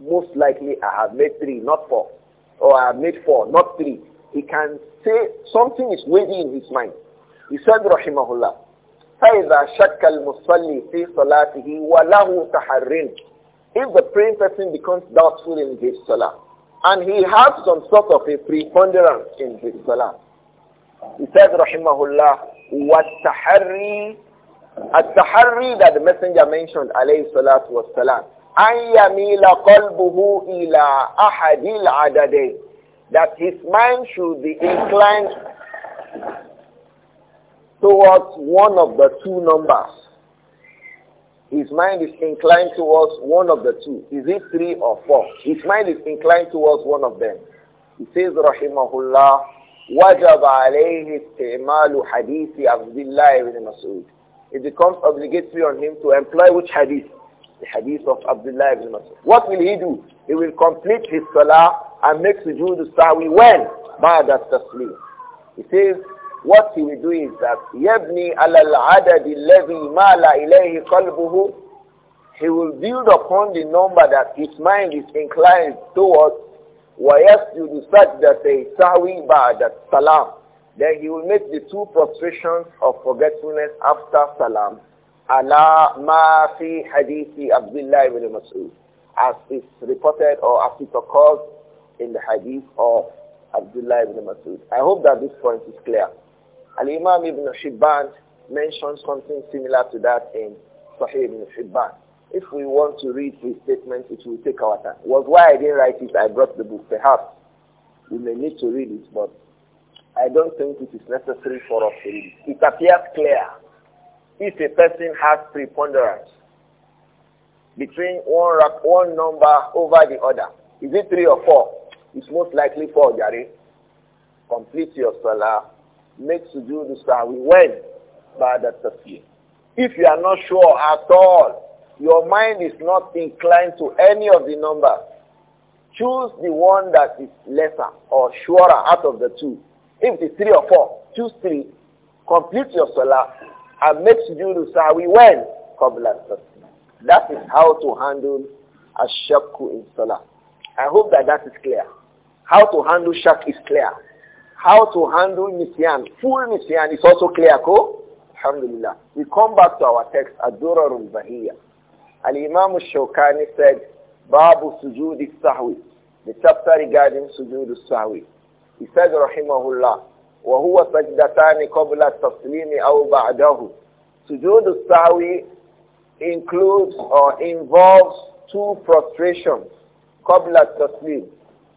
most likely I have made three, not four. Or I have made four, not three. He can say something is weighing in his mind. He said, Rahimahullah, فَإِذَا شَكَّ الْمُصَلِّي فِي صَلَاتِهِ وَلَهُ تَحَرِّنْ If the praying person becomes doubtful in his salah, and he has some sort of a preponderance in his salah. He said, Rahimahullah, وَالتَّحَرِّي التحري that the messenger mentioned alayhi salatu was Salah. yamila qalbuhu ila ahadil adadayn that his mind should be inclined towards one of the two numbers his mind is inclined towards one of the two. Is it three or four? His mind is inclined towards one of them. He says, Rahimahullah, wajab عَلَيْهِ istimalu hadithi عَبْدِ اللَّهِ ibn Mas'ud. It becomes obligatory on him to employ which hadith? The hadith of Abdullah ibn Mas'ud. What will he do? He will complete his salah and make sujood sahwi when? Ba'da taslim. He says, what he will do is that yabni alal adadi alladhi mala ilayhi qalbuhu he will build upon the number that his mind is inclined towards that سَجْدَةَ sawi بَعْدَ salam. Then he will make the two prostrations of forgetfulness after salam. Ala ma fi hadithi Abdullah ibn Mas'ud. As is reported or as it occurs in the hadith of Abdullah ibn Mas'ud. I hope that this point is clear. Al-Imam Ibn Hibban mentioned something similar to that in Sahih Ibn Hibban. If we want to read his statement, it will take our time. It was why I didn't write it. I brought the book. Perhaps we may need to read it, but I don't think it is necessary for us to read it. It appears clear. If a person has preponderance between one, one number over the other, is it three or four? It's most likely four, Jari, Complete your salah make sujood sahwi when? Ba'da tasbih. If you are not sure at all, your mind is not inclined to any of the numbers, choose the one that is lesser or surer out of the two. If it's three or four, choose three, complete your salah, and make sujood sahwi when? Qabla tasbih. That is how to handle a shakku in salah. I hope that that is clear. How to handle shak is clear. How to handle Nisyan, full Nisyan is also clear, ko? Alhamdulillah. We come back to our text, ad Bahiyya. Al-Imam al said, Babu Sujud al-Sahwi, the chapter regarding Sujud al-Sahwi. He said, Rahimahullah, وهو سجدتان قبل التسليم أو بعده. Sujud al-Sahwi includes or involves two prostrations, قبل التسليم.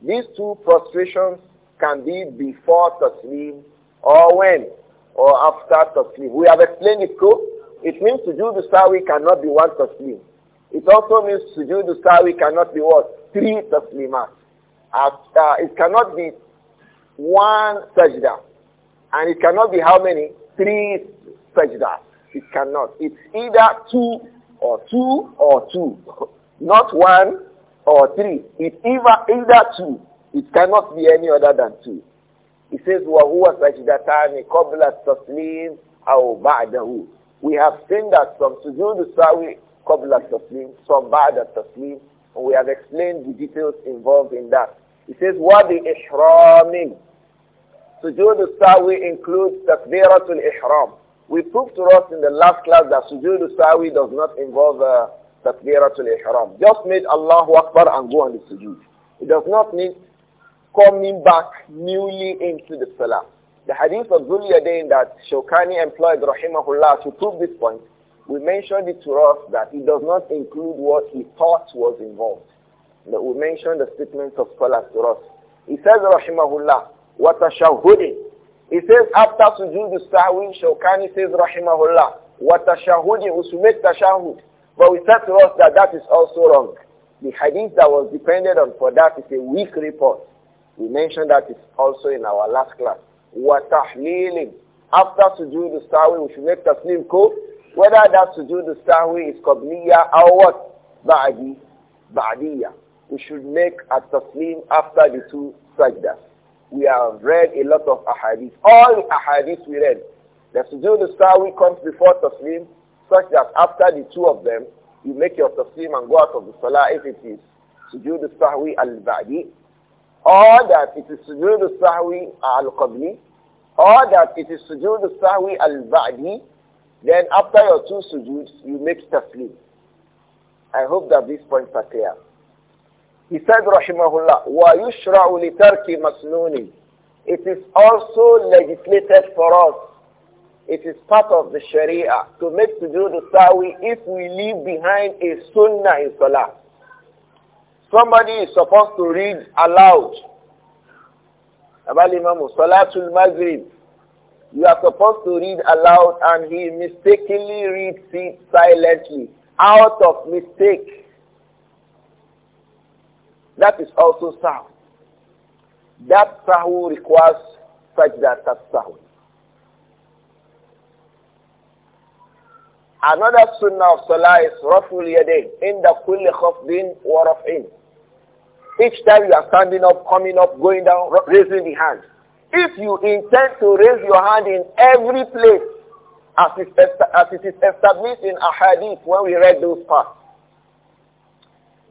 These two prostrations can be before taslim or when or after taslim. We have explained it, so it means to do the sawi cannot be one taslim. It also means to do the sawi cannot be what? Three taslimat. After, uh, it cannot be one sajda. And it cannot be how many? Three sajda. It cannot. It's either two or two or two. Not one or three. It's either, either two it cannot be any other than two. He says, وَهُوَ سَجْدَتَانِ قَبْلَ التَّسْلِيمِ أَوْ بَعْدَهُ We have seen that some sujood sawi قَبْلَ taslim, some ba'd التَّسْلِيمِ, and we have explained the details involved in that. He says, وَبِإِحْرَامٍ Sujood sawi includes takbiratul ihram. We proved to us in the last class that sujood sawi does not involve uh, takbiratul ihram. Just made Allahu Akbar and go on the sujood. It does not mean coming back newly into the salah. The hadith of Dhul that Shawkani employed rahimahullah to prove this point, we mentioned it to us that it does not include what he thought was involved. But we mentioned the statements of scholars to us. He says rahimahullah, what a shahudi. He says after sujood sahwi, Shawkani says rahimahullah, what a shahudi, we make tashahud. But we said to us that that is also wrong. The hadith that was depended on for that is a weak report. We mentioned that it's also in our last class. وَتَحْلِيلٍ After sujood al-sahwi, we should make taslim code. Whether that sujood al-sahwi is qabliya or what? Ba'di, ba'diya. We should make a taslim after the two sajdas. We have read a lot of ahadith. All the ahadith we read. The sujood al-sahwi comes before taslim such that after the two of them, you make your taslim and go out of the salah if it is sujood al-sahwi al-ba'di or that it is sujood al-sahwi al-qabli, or that it is sujood al-sahwi al-ba'di, then after your two sujoods, you make taslim. I hope that these points are clear. He said, Rahimahullah, وَيُشْرَعُ لِتَرْكِ مَسْنُونٍ It is also legislated for us. It is part of the Sharia to make sujood al-sahwi if we leave behind a sunnah in salah. Somebody is supposed to read aloud. Abal Imam Salatul Maghrib. You are supposed to read aloud and he mistakenly reads it silently out of mistake. That is also sound. That sahu requires such that sahu. Another sunnah of salah is raful yadayn the kulli khafdin wa raf'in. Each time you are standing up, coming up, going down, raising the hand. If you intend to raise your hand in every place, as it is established in Ahadith when we read those parts,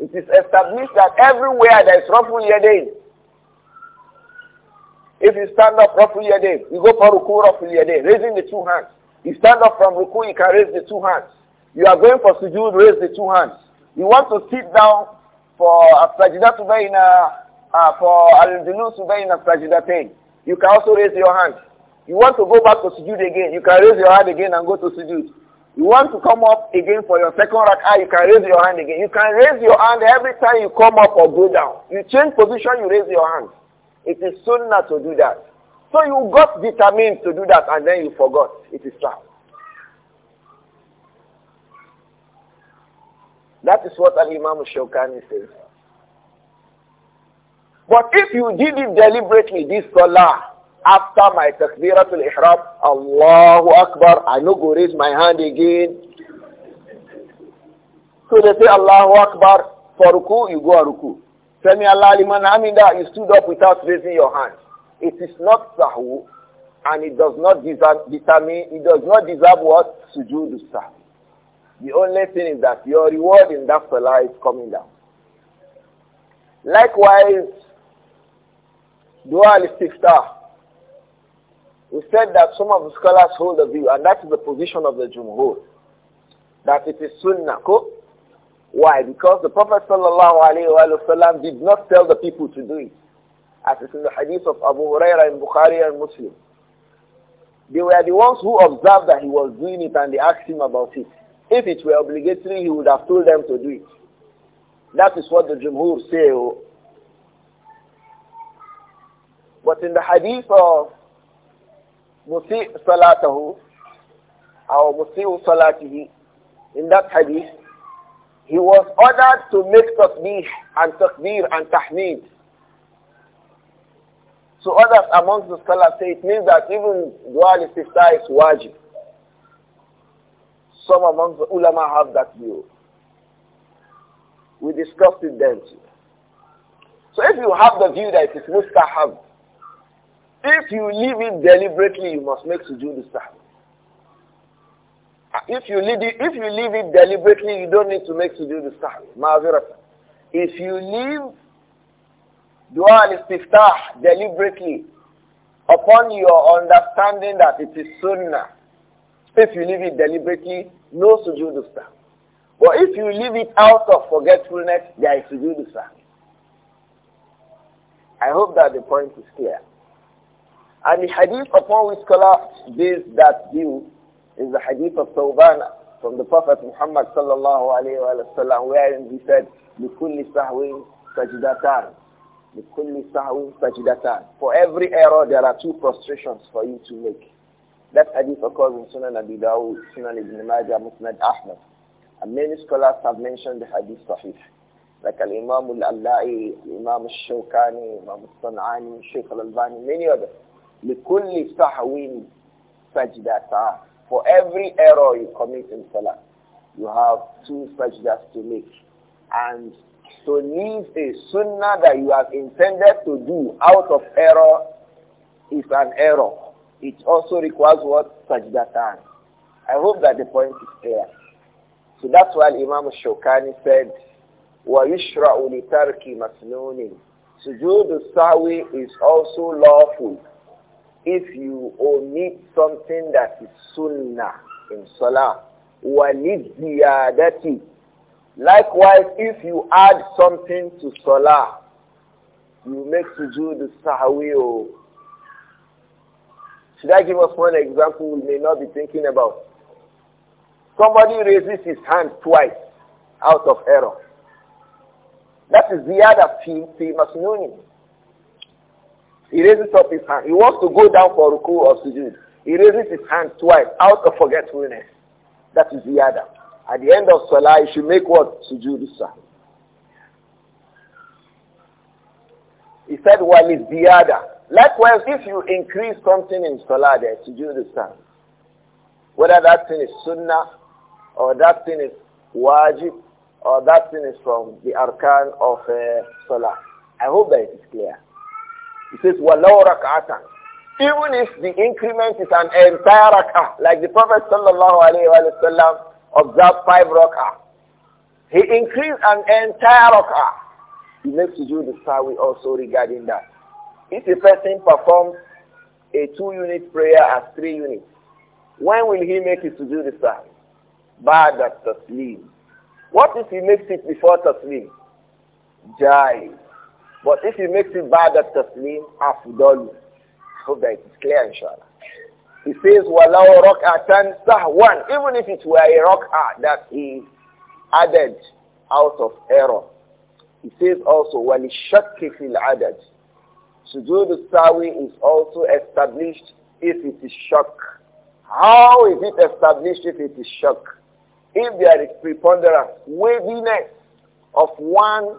it is established that everywhere there is Rafu Yadain, if you stand up Rafu Yadain, you go for Ruku Rafu raising the two hands. You stand up from Ruku, you can raise the two hands. You are going for sujud, raise the two hands. You want to sit down, for السجدة بين uh, for الجلوس بين السجدتين you can also raise your hand you want to go back to sujood again you can raise your hand again and go to sujood you want to come up again for your second rak'ah, you can raise your hand again. You can raise your hand every time you come up or go down. You change position, you raise your hand. It is sunnah to do that. So you got determined to do that and then you forgot. It is trap. That is what Al-Imam Shawkani says. But if you did it deliberately, this salah, after my takbiratul ihram, Allahu Akbar, I no go raise my hand again. So they say Allahu Akbar, for ruku, you go a ruku. me Allah liman amida, you stood up without raising your hand. It is not sahu, and it does not deserve, determine, it does not deserve what? Sujood sahwu. The only thing is that your reward in that salah is coming down. Likewise, dua al We said that some of the scholars hold the view, and that is the position of the Jumhur, that it is sunnah. Why? Because the Prophet ﷺ did not tell the people to do it, as it's in the hadith of Abu Huraira in Bukhari and Muslim. They were the ones who observed that he was doing it and they asked him about it. If it were obligatory, he would have told them to do it. That is what the Jumhur say. Oh. But in the hadith of Musi Salatahu, or Musi Salatihi, in that hadith, he was ordered to make tasbih and takbir and tahmid. So others amongst the scholars say it means that even dua al is wajib. Some among the ulama have that view. We discussed it then. So if you have the view that it is mustahab, if you leave it deliberately, you must make sujood sahab. Uh, if you, leave it, if you leave it deliberately, you don't need to make sujood sahab. If you leave dua al-istiftah deliberately upon your understanding that it is sunnah, if you leave it deliberately, no sujood sahwi. But if you leave it out of forgetfulness, there is sujood sahwi. I hope that the point is clear. And the hadith upon which scholars base that view is the hadith of Tawban from the Prophet Muhammad sallallahu alayhi wa sallam wherein he said, لِكُلِّ سَهْوٍ سَجْدَتَانِ لِكُلِّ سَهْوٍ سَجْدَتَانِ For every error there are two prostrations for you to make. That hadith occurs in Sunan Abi Dawud, Sunan Ibn Majah, Musnad Ahmad. And many scholars have mentioned the hadith sahih. Like Al-Imam Al-Allai, Imam Al-Shawkani, Imam Al-San'ani, Sheikh Al-Albani, many others. لِكُلِّ سَجْدَةً For every error you commit in Salah, you have two sajdas to make. And to leave a sunnah that you have intended to do out of error is an error it also requires what? Sajdatan. I hope that the point is clear. So that's why Imam Shokani said, وَيُشْرَعُ لِتَرْكِ مَسْنُونٍ Sujood sawi is also lawful if you omit something that is sunnah in salah. وَلِزِّيَادَتِ Likewise, if you add something to salah, you make sujood sahwi oh, should I give us one example we may not be thinking about? Somebody raises his hand twice out of error. That is the other fi, fi He raises up his hand. He wants to go down for ruku or sujud. He raises his hand twice out of forgetfulness. That is the other. At the end of salah, you should make what? Sujood sahwi. He said, "Well, it's the other." Likewise, if you increase something in salah there to do the same, whether that thing is sunnah or that thing is wajib or that thing is from the arkan of uh, salah. I hope that it is clear. It says, وَلَوْ رَكْعَةً Even if the increment is an entire rak'ah, like the Prophet sallallahu alayhi wa sallam observed five rak'ah, he increased an entire rak'ah. He makes you do the sawi also regarding that. If a person performs a two-unit prayer as three units, when will he make it to do the sign? Bad at taslim. What if he makes it before taslim? Jai. But if he makes it bad at taslim, afdalu. Hope that it is clear, inshallah. He says, walau rak'atan sahwan. Even if it were a rak'ah that he added out of error. He says also, walishakki fil adad. To do the sawi is also established if it is shock. How is it established if it is shock? If there is preponderance, waviness of one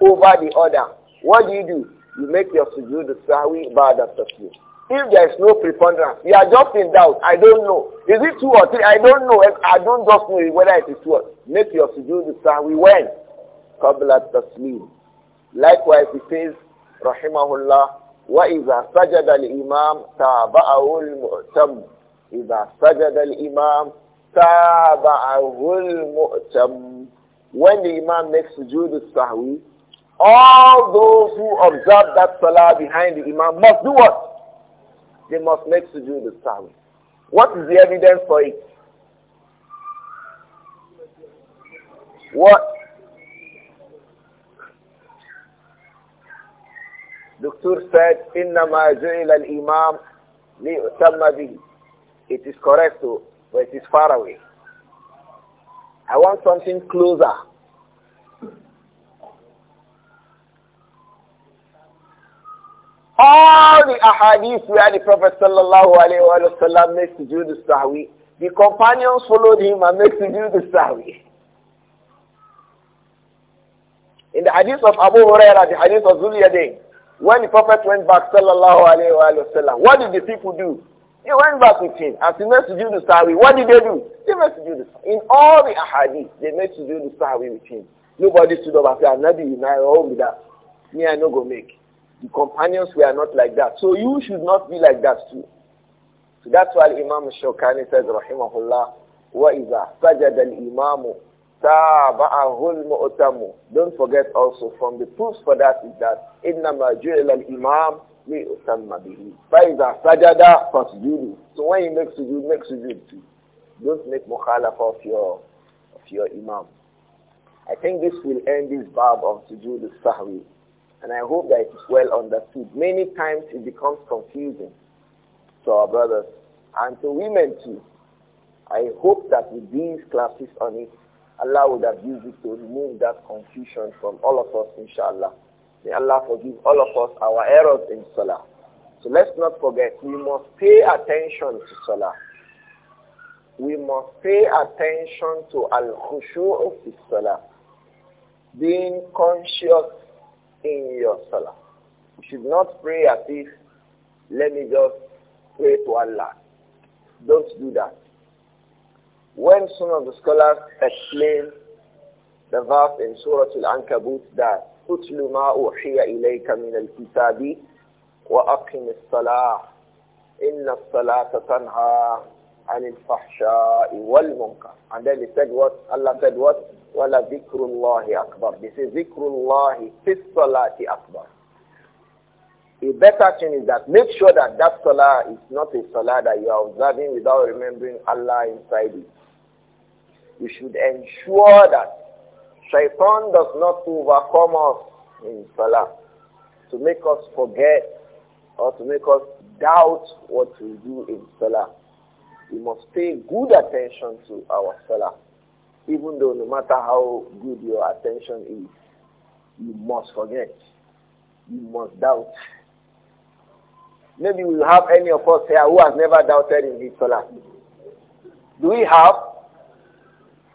over the other, what do you do? You make your sujood the sawi ba'da tasbih. If there is no preponderance, you are just in doubt. I don't know. Is it two or three? I don't know. I don't just know whether it is two or three. Make your sujood the sawi when? kabla taslim. Likewise, he says, rahimahullah, وَإِذَا سَجَدَ الْإِمَامُ تَابَعَهُ الْمُؤْتَمُّ When the imam makes sujood sahwi, all those who observe that salah behind the imam must do what? They must make sujood sahwi. What is the evidence for it? What? Dr. said, إِنَّمَا al Imam li بِهِ It is correct but it is far away. I want something closer. All the ahadith where the Prophet sallallahu alayhi wa sallam makes to do the sahwi, the companions followed him and makes to do the sahwi. In the hadith of Abu Hurairah, the hadith of Zuliyadain, when the Prophet went back, sallallahu alayhi wa sallam, what did the people do? They went back with him. As the do the sahwi what did they do? They do this In all the ahadith, they made to do the sahwi with him. Nobody stood up and said, ah, Nabi, you with that. Me, I no go make. The companions were not like that. So you should not be like that too. So that's why Imam Shawkani says, Rahimahullah, وَإِذَا al-imamu do Don't forget also from the proofs for that is that إنما جعل الإمام ليؤتم به فإذا سجد فاسجدوا So when you make sujood, make sujood too. Don't make mukhalaf of your, of your imam. I think this will end this bab of sujood al-sahwi. And I hope that it is well understood. Many times it becomes confusing to our brothers and to women too. I hope that with these classes on it, Allah would have used it to remove that confusion from all of us, inshallah. May Allah forgive all of us our errors in Salah. So let's not forget, we must pay attention to Salah. We must pay attention to Al-Khushu'u of Salah. Being conscious in your Salah. You should not pray as if, let me just pray to Allah. Don't do that. When some of the scholars explain the verse in Surah Al-Ankabut that أتل ما أوحي إليك من الكتاب وأقم الصلاة إن الصلاة تنهى عن الفحشاء والمنكر and then he said what Allah said what ولا ذكر الله أكبر this is ذكر الله في الصلاة أكبر a better thing is that make sure that that salah is not a salah that you are observing without remembering Allah inside it we should ensure that shaitan does not overcome us in salah to make us forget or to make us doubt what we do in salah. We must pay good attention to our salah. Even though no matter how good your attention is, you must forget. You must doubt. Maybe we have any of us here who has never doubted in his salah. Do we have?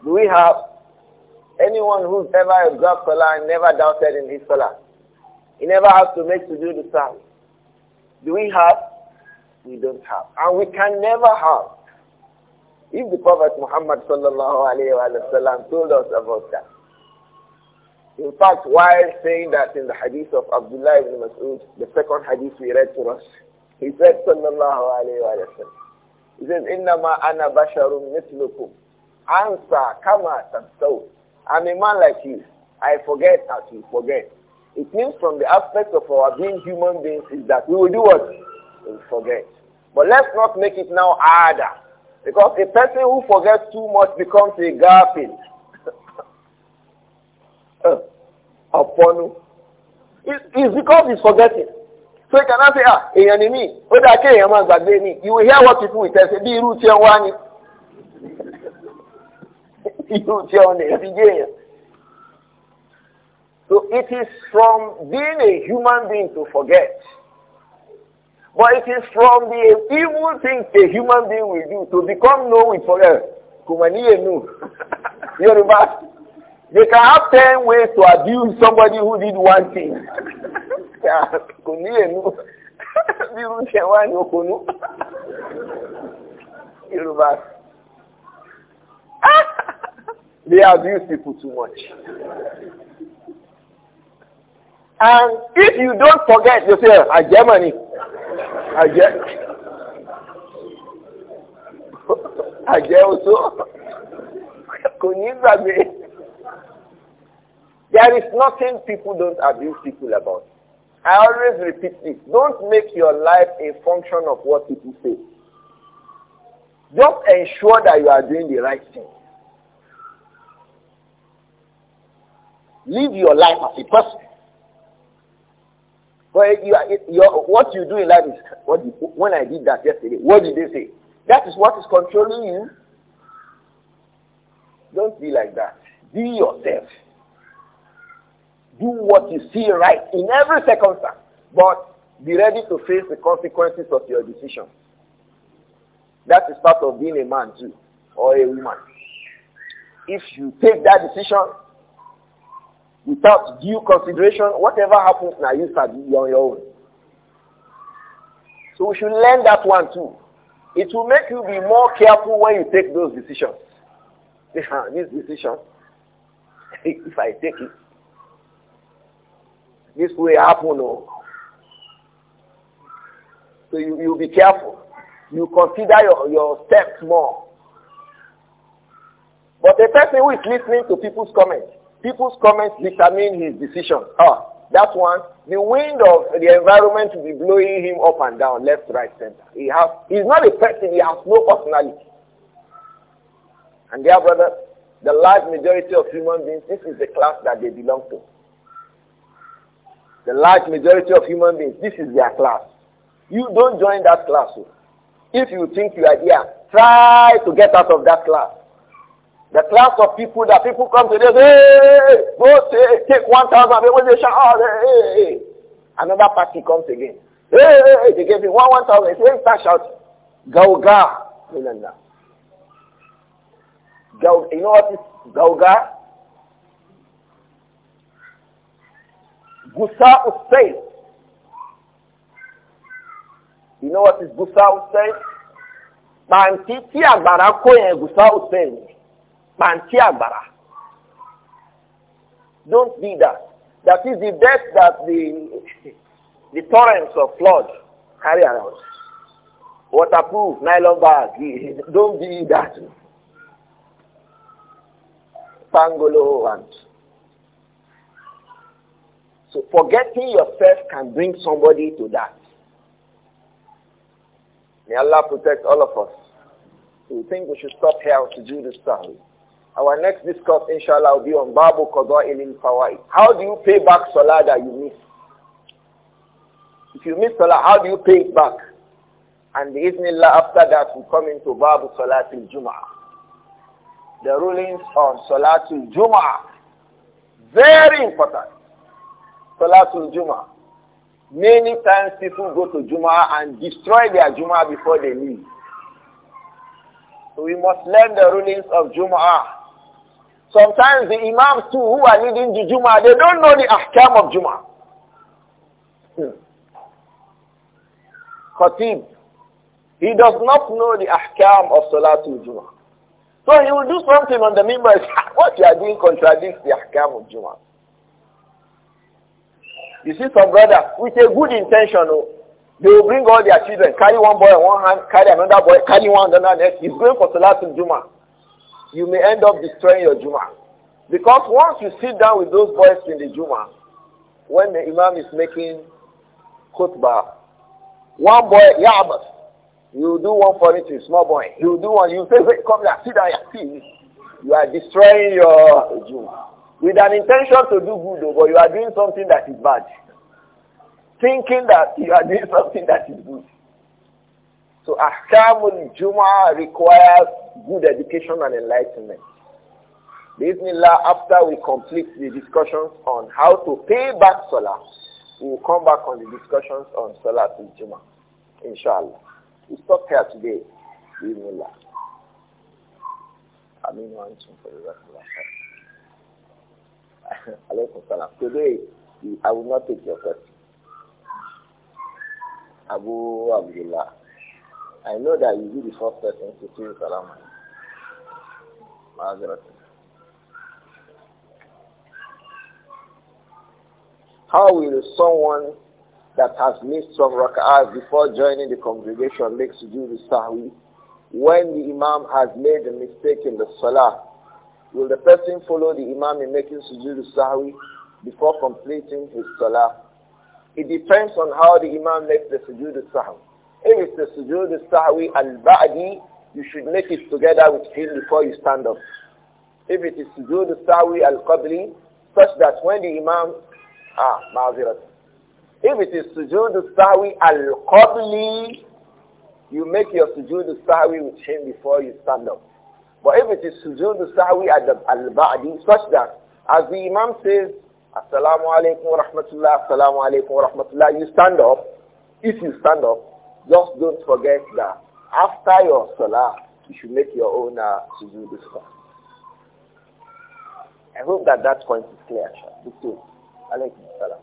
Do we have anyone who's ever observed Salah and never doubted in his Salah? He never has to make to do the Salah. Do we have? We don't have. And we can never have. If the Prophet Muhammad sallallahu alayhi wa told us about that. In fact, while saying that in the hadith of Abdullah ibn Mas'ud, the second hadith we read to us, he said sallallahu alayhi wa sallam, he says, إِنَّمَا أَنَا بَشَرٌ مِثْلُكُمْ Answer, come out and so. I'm a man like you. I forget as you forget. It means from the aspect of our being human beings is that we will do what? We will forget. But let's not make it now harder. Because a person who forgets too much becomes a garfield. uh, upon it, It's because he's forgetting. So you cannot say, ah, a enemy. mí, ó dáa kí You will hear what people will tell say, Be irú tiẹ̀ wá the ṣe So it is from being a human being to forget. But it is from the evil things a human being will do to become known with forever. Kumaniye nu. Yoruba. They can have ten ways to abuse somebody who did one thing. Kumaniye nu. They abuse people too much. And if you don't forget, you say, I Germany, I get. I get also. There is nothing people don't abuse people about. I always repeat this. Don't make your life a function of what people say. Just ensure that you are doing the right thing. Live your life as a person. But you, what you do in life is, what did, when I did that yesterday, what did they say? That is what is controlling you. Don't be like that. Be yourself. Do what you see right in every circumstance. But be ready to face the consequences of your decision. That is part of being a man too, or a woman. If you take that decision, without due consideration, whatever happens now, you start on your own. So we should learn that one too. It will make you be more careful when you take those decisions. this decision, if I take it, this will happen. Or, oh. so you, you be careful. You consider your, your steps more. But a person who is listening to people's comments, People's comments determine his decision. Ah, that one, the wind of the environment will be blowing him up and down, left, right, center. He has, he's not a person, he has no personality. And dear brother, the large majority of human beings, this is the class that they belong to. The large majority of human beings, this is their class. You don't join that class. Oh. If you think you are there, try to get out of that class. The class of people that people come to, they hey, go say, take 1,000, ah, They say, shout, hey, hey. Another party comes again. Hey, hey, hey, they gave me one 1,000. When he start shouting, Gauga, Milanda. Gau, you know what is Gauga? Gusa Usain. You know what is Gusa Usain? Pàǹtí tí àgbàrá kó yẹn Gusa Usain Panti Don't be that. That is the death that the, the torrents of flood carry around. Waterproof, nylon bag. Don't be that. Pangolo and so forgetting yourself can bring somebody to that. May Allah protect all of us. we think we should stop here to do this study. Our next discourse, inshallah, will be on Babu Qadha Ilil How do you pay back Salah that you miss? If you miss Salah, how do you pay it back? And the Iznillah after that, we come into Babu Salatul Jum'ah. The rulings on Salatul Jum'ah. Very important. Salatul Jum'ah. Many times people go to Jum'ah and destroy their Jum'ah before they leave. So we must learn the rulings of Jum'ah. Sometimes the imams too who are leading the Juma, they don't know the ahkam of Juma. Hmm. Khatib, he does not know the ahkam of Salatul Juma. So he will do something on the members. Ah, what you are doing contradicts the ahkam of Juma. You see some brother with a good intention, oh, they will bring all their children, carry one boy in one hand, carry another boy, carry one another next. He's going for Salatul Juma you may end up destroying your Juma. Because once you sit down with those boys in the Juma, when the Imam is making khutbah, one boy, but you do one for it small boy. You do one, you say, wait, come here, sit down here, see. You are destroying your Juma. With an intention to do good, but you are doing something that is bad. Thinking that you are doing something that is good. So Ahkamul Juma requires good education and enlightenment. Bismillah, after we complete the discussions on how to pay back Salah, we will come back on the discussions on Salah to Juma, inshallah. We stop here today, Bismillah. I mean, for the rest of our Alaykum salam. Today, I will not take your question. Abu Abdullah. I know that you be the first person to say salam. How will someone that has missed some rak'ahs before joining the congregation make sujood sahwi when the imam has made a mistake in the salah? Will the person follow the imam in making sujood sahwi before completing his salah? It depends on how the imam makes the sujood sahwi. If it's the sujood al-sahwi al-ba'di, you should make it together with him before you stand up. If it is sujood al-sahwi al-qabli, such that when the imam, ah, ma'azirat. If it is sujood al-sahwi al-qabli, you make your sujood al-sahwi with him before you stand up. But if it is sujood al-sahwi al-ba'di, such that as the imam says, Assalamu alaikum wa rahmatullah, assalamu alaikum wa rahmatullah, you stand up, if you stand up, just don't forget that after your salah, you should make your own uh, to do this I hope that that point is clear. This is Alaykum Salam.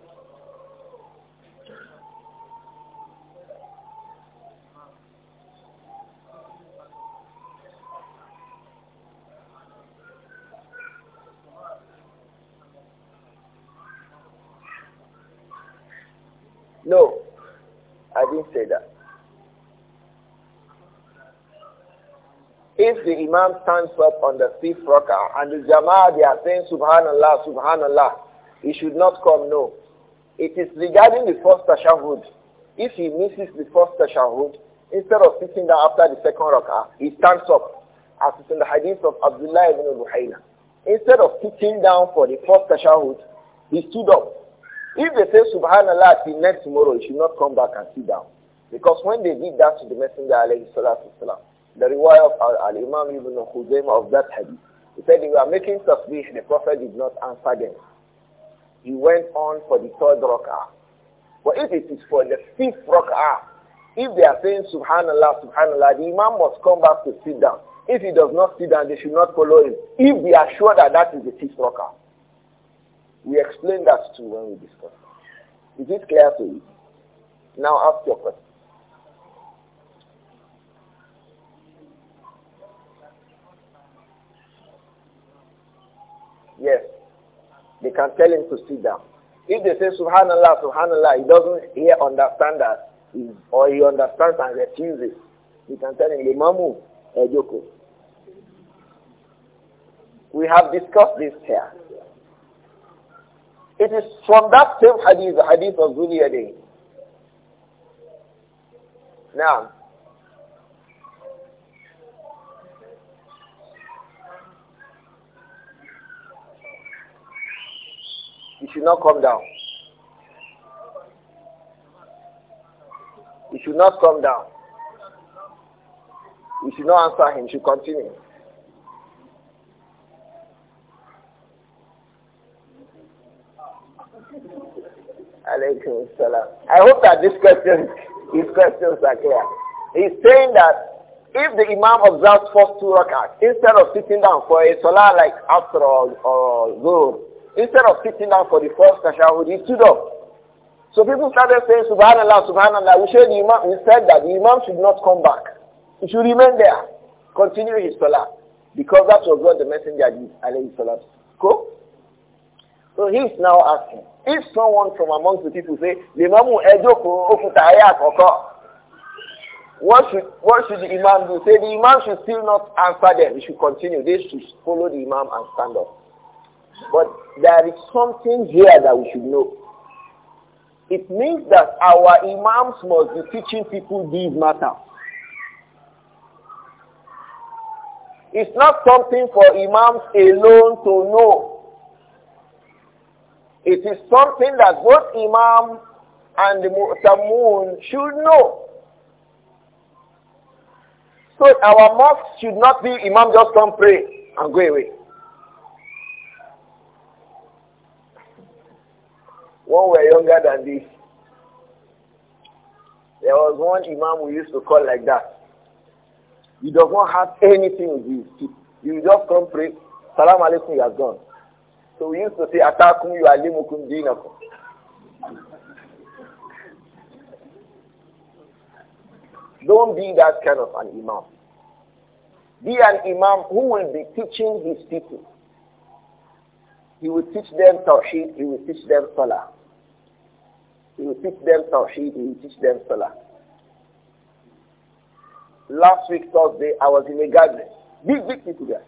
If the Imam stands up on the fifth rak'ah and the Jama'ah they are saying Subhanallah, Subhanallah, he should not come, no. It is regarding the first tashahud. If he misses the first tashahud, instead of sitting down after the second rak'ah, he stands up, as is in the hadith of Abdullah ibn Buhayna. Instead of sitting down for the first tashahud, he stood up. If they say subhanallah till next tomorrow, he should not come back and sit down. Because when they did that to the Messenger alayhi salatu wasalam, the riwayah of al, Imam Ibn Khuzaimah of that hadith. He said we are making tasbih, the Prophet did not answer them. He went on for the third rak'ah. But if it is for the fifth rak'ah, if they are saying subhanallah, subhanallah, the imam must come back to sit down. If he does not sit down, they should not follow him. If they are sure that that is the fifth rak'ah. We explained that too when we discussed. Is it clear to you? Now ask your question. Yes. They can tell him to sit down. If they say subhanallah, subhanallah, he doesn't hear understand that or he understands and refuses, he can tell him Imamu Ejoko. We have discussed this here. It is from that same hadith, the hadith of Zuliyadeh. Now, He should not come down. He should not come down. We should not answer him. He should continue. I hope that these questions, these questions are clear. He's saying that if the imam observes first two rakats, instead of sitting down for a salah like after all or zuhr, Instead of sitting down for the first tashahud, he stood up. So people started saying, Subhanallah, Subhanallah. We said, the Imam, we said that the Imam should not come back. He should remain there, continue his salah. Because that was what the messenger did, alayhi salatu. Cool? So he's now asking, if someone from amongst the people say, the Imam what should, what should the Imam do? Say the Imam should still not answer them. He should continue. They should follow the Imam and stand up. But there is something here that we should know. It means that our imams must be teaching people these matters. It's not something for imams alone to know. It is something that both imam and the mu'tamun should know. So our mosque should not be imam just come pray and go away. when we were younger than this, there was one imam we used to call like that. He does not have anything with you. You just come pray, salam alaikum, you are gone. So we used to say, atakum yu alimukum dinakum. Don't be that kind of an imam. Be an imam who will be teaching his people. He will teach them tawheed, he will teach them salah. He will teach them Tawheed, he will teach them Salah. Last week, Thursday, I was in a garden. Big, big people there.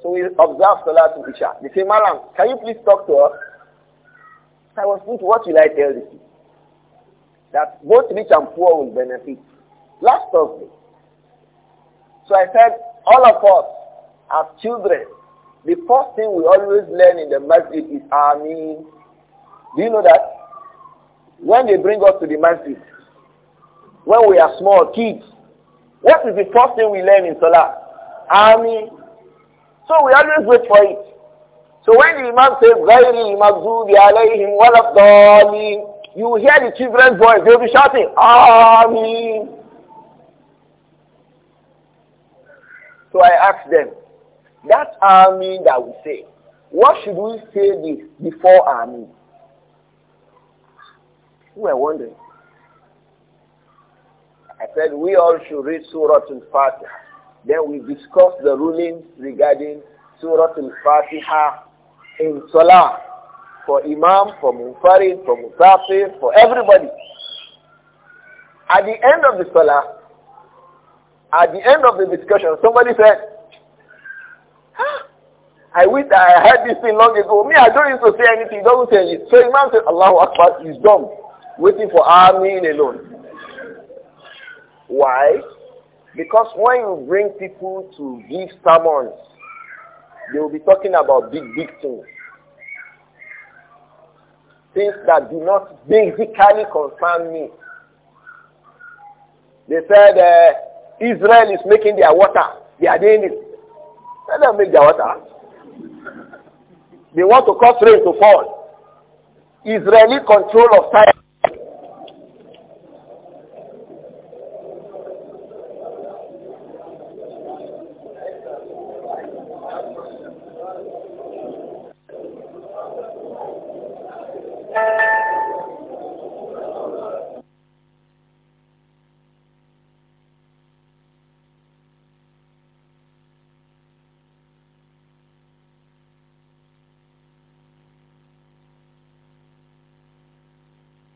So we observed Salah to Isha. They say, Malam, can you please talk to us? I was thinking, what will I tell this? That both rich and poor will benefit. Last Thursday. So I said, all of us, as children, the first thing we always learn in the masjid is Amin. Do you know that? When they bring us to the masjid, when we are small kids, what is the first thing we learn in Salah? Army. So we always wait for it. So when the Imam says, غَيْرِ الْمَغْضُوبِ You hear the children's voice. They'll be shouting, Army. So I ask them, that army that we say, what should we say before army? who were wondering. I said we all should read Surah Al-Fatiha. Then we discussed the rulings regarding Surah Al-Fatiha in Salah for Imam, for Munfarid, for Musafir, for everybody. At the end of the Salah, at the end of the discussion, somebody said, ah, I wish I had this thing long ago. Me, I don't need to say anything. Don't say it. So Imam said, Allahu Akbar, is dumb waiting for Amin alone. Why? Because when you bring people to give sermons, they will be talking about big, big things. Things that do not basically concern me. They said uh, Israel is making their water. They are doing it. Let them make their water. They want to cause rain to fall. Israeli control of time.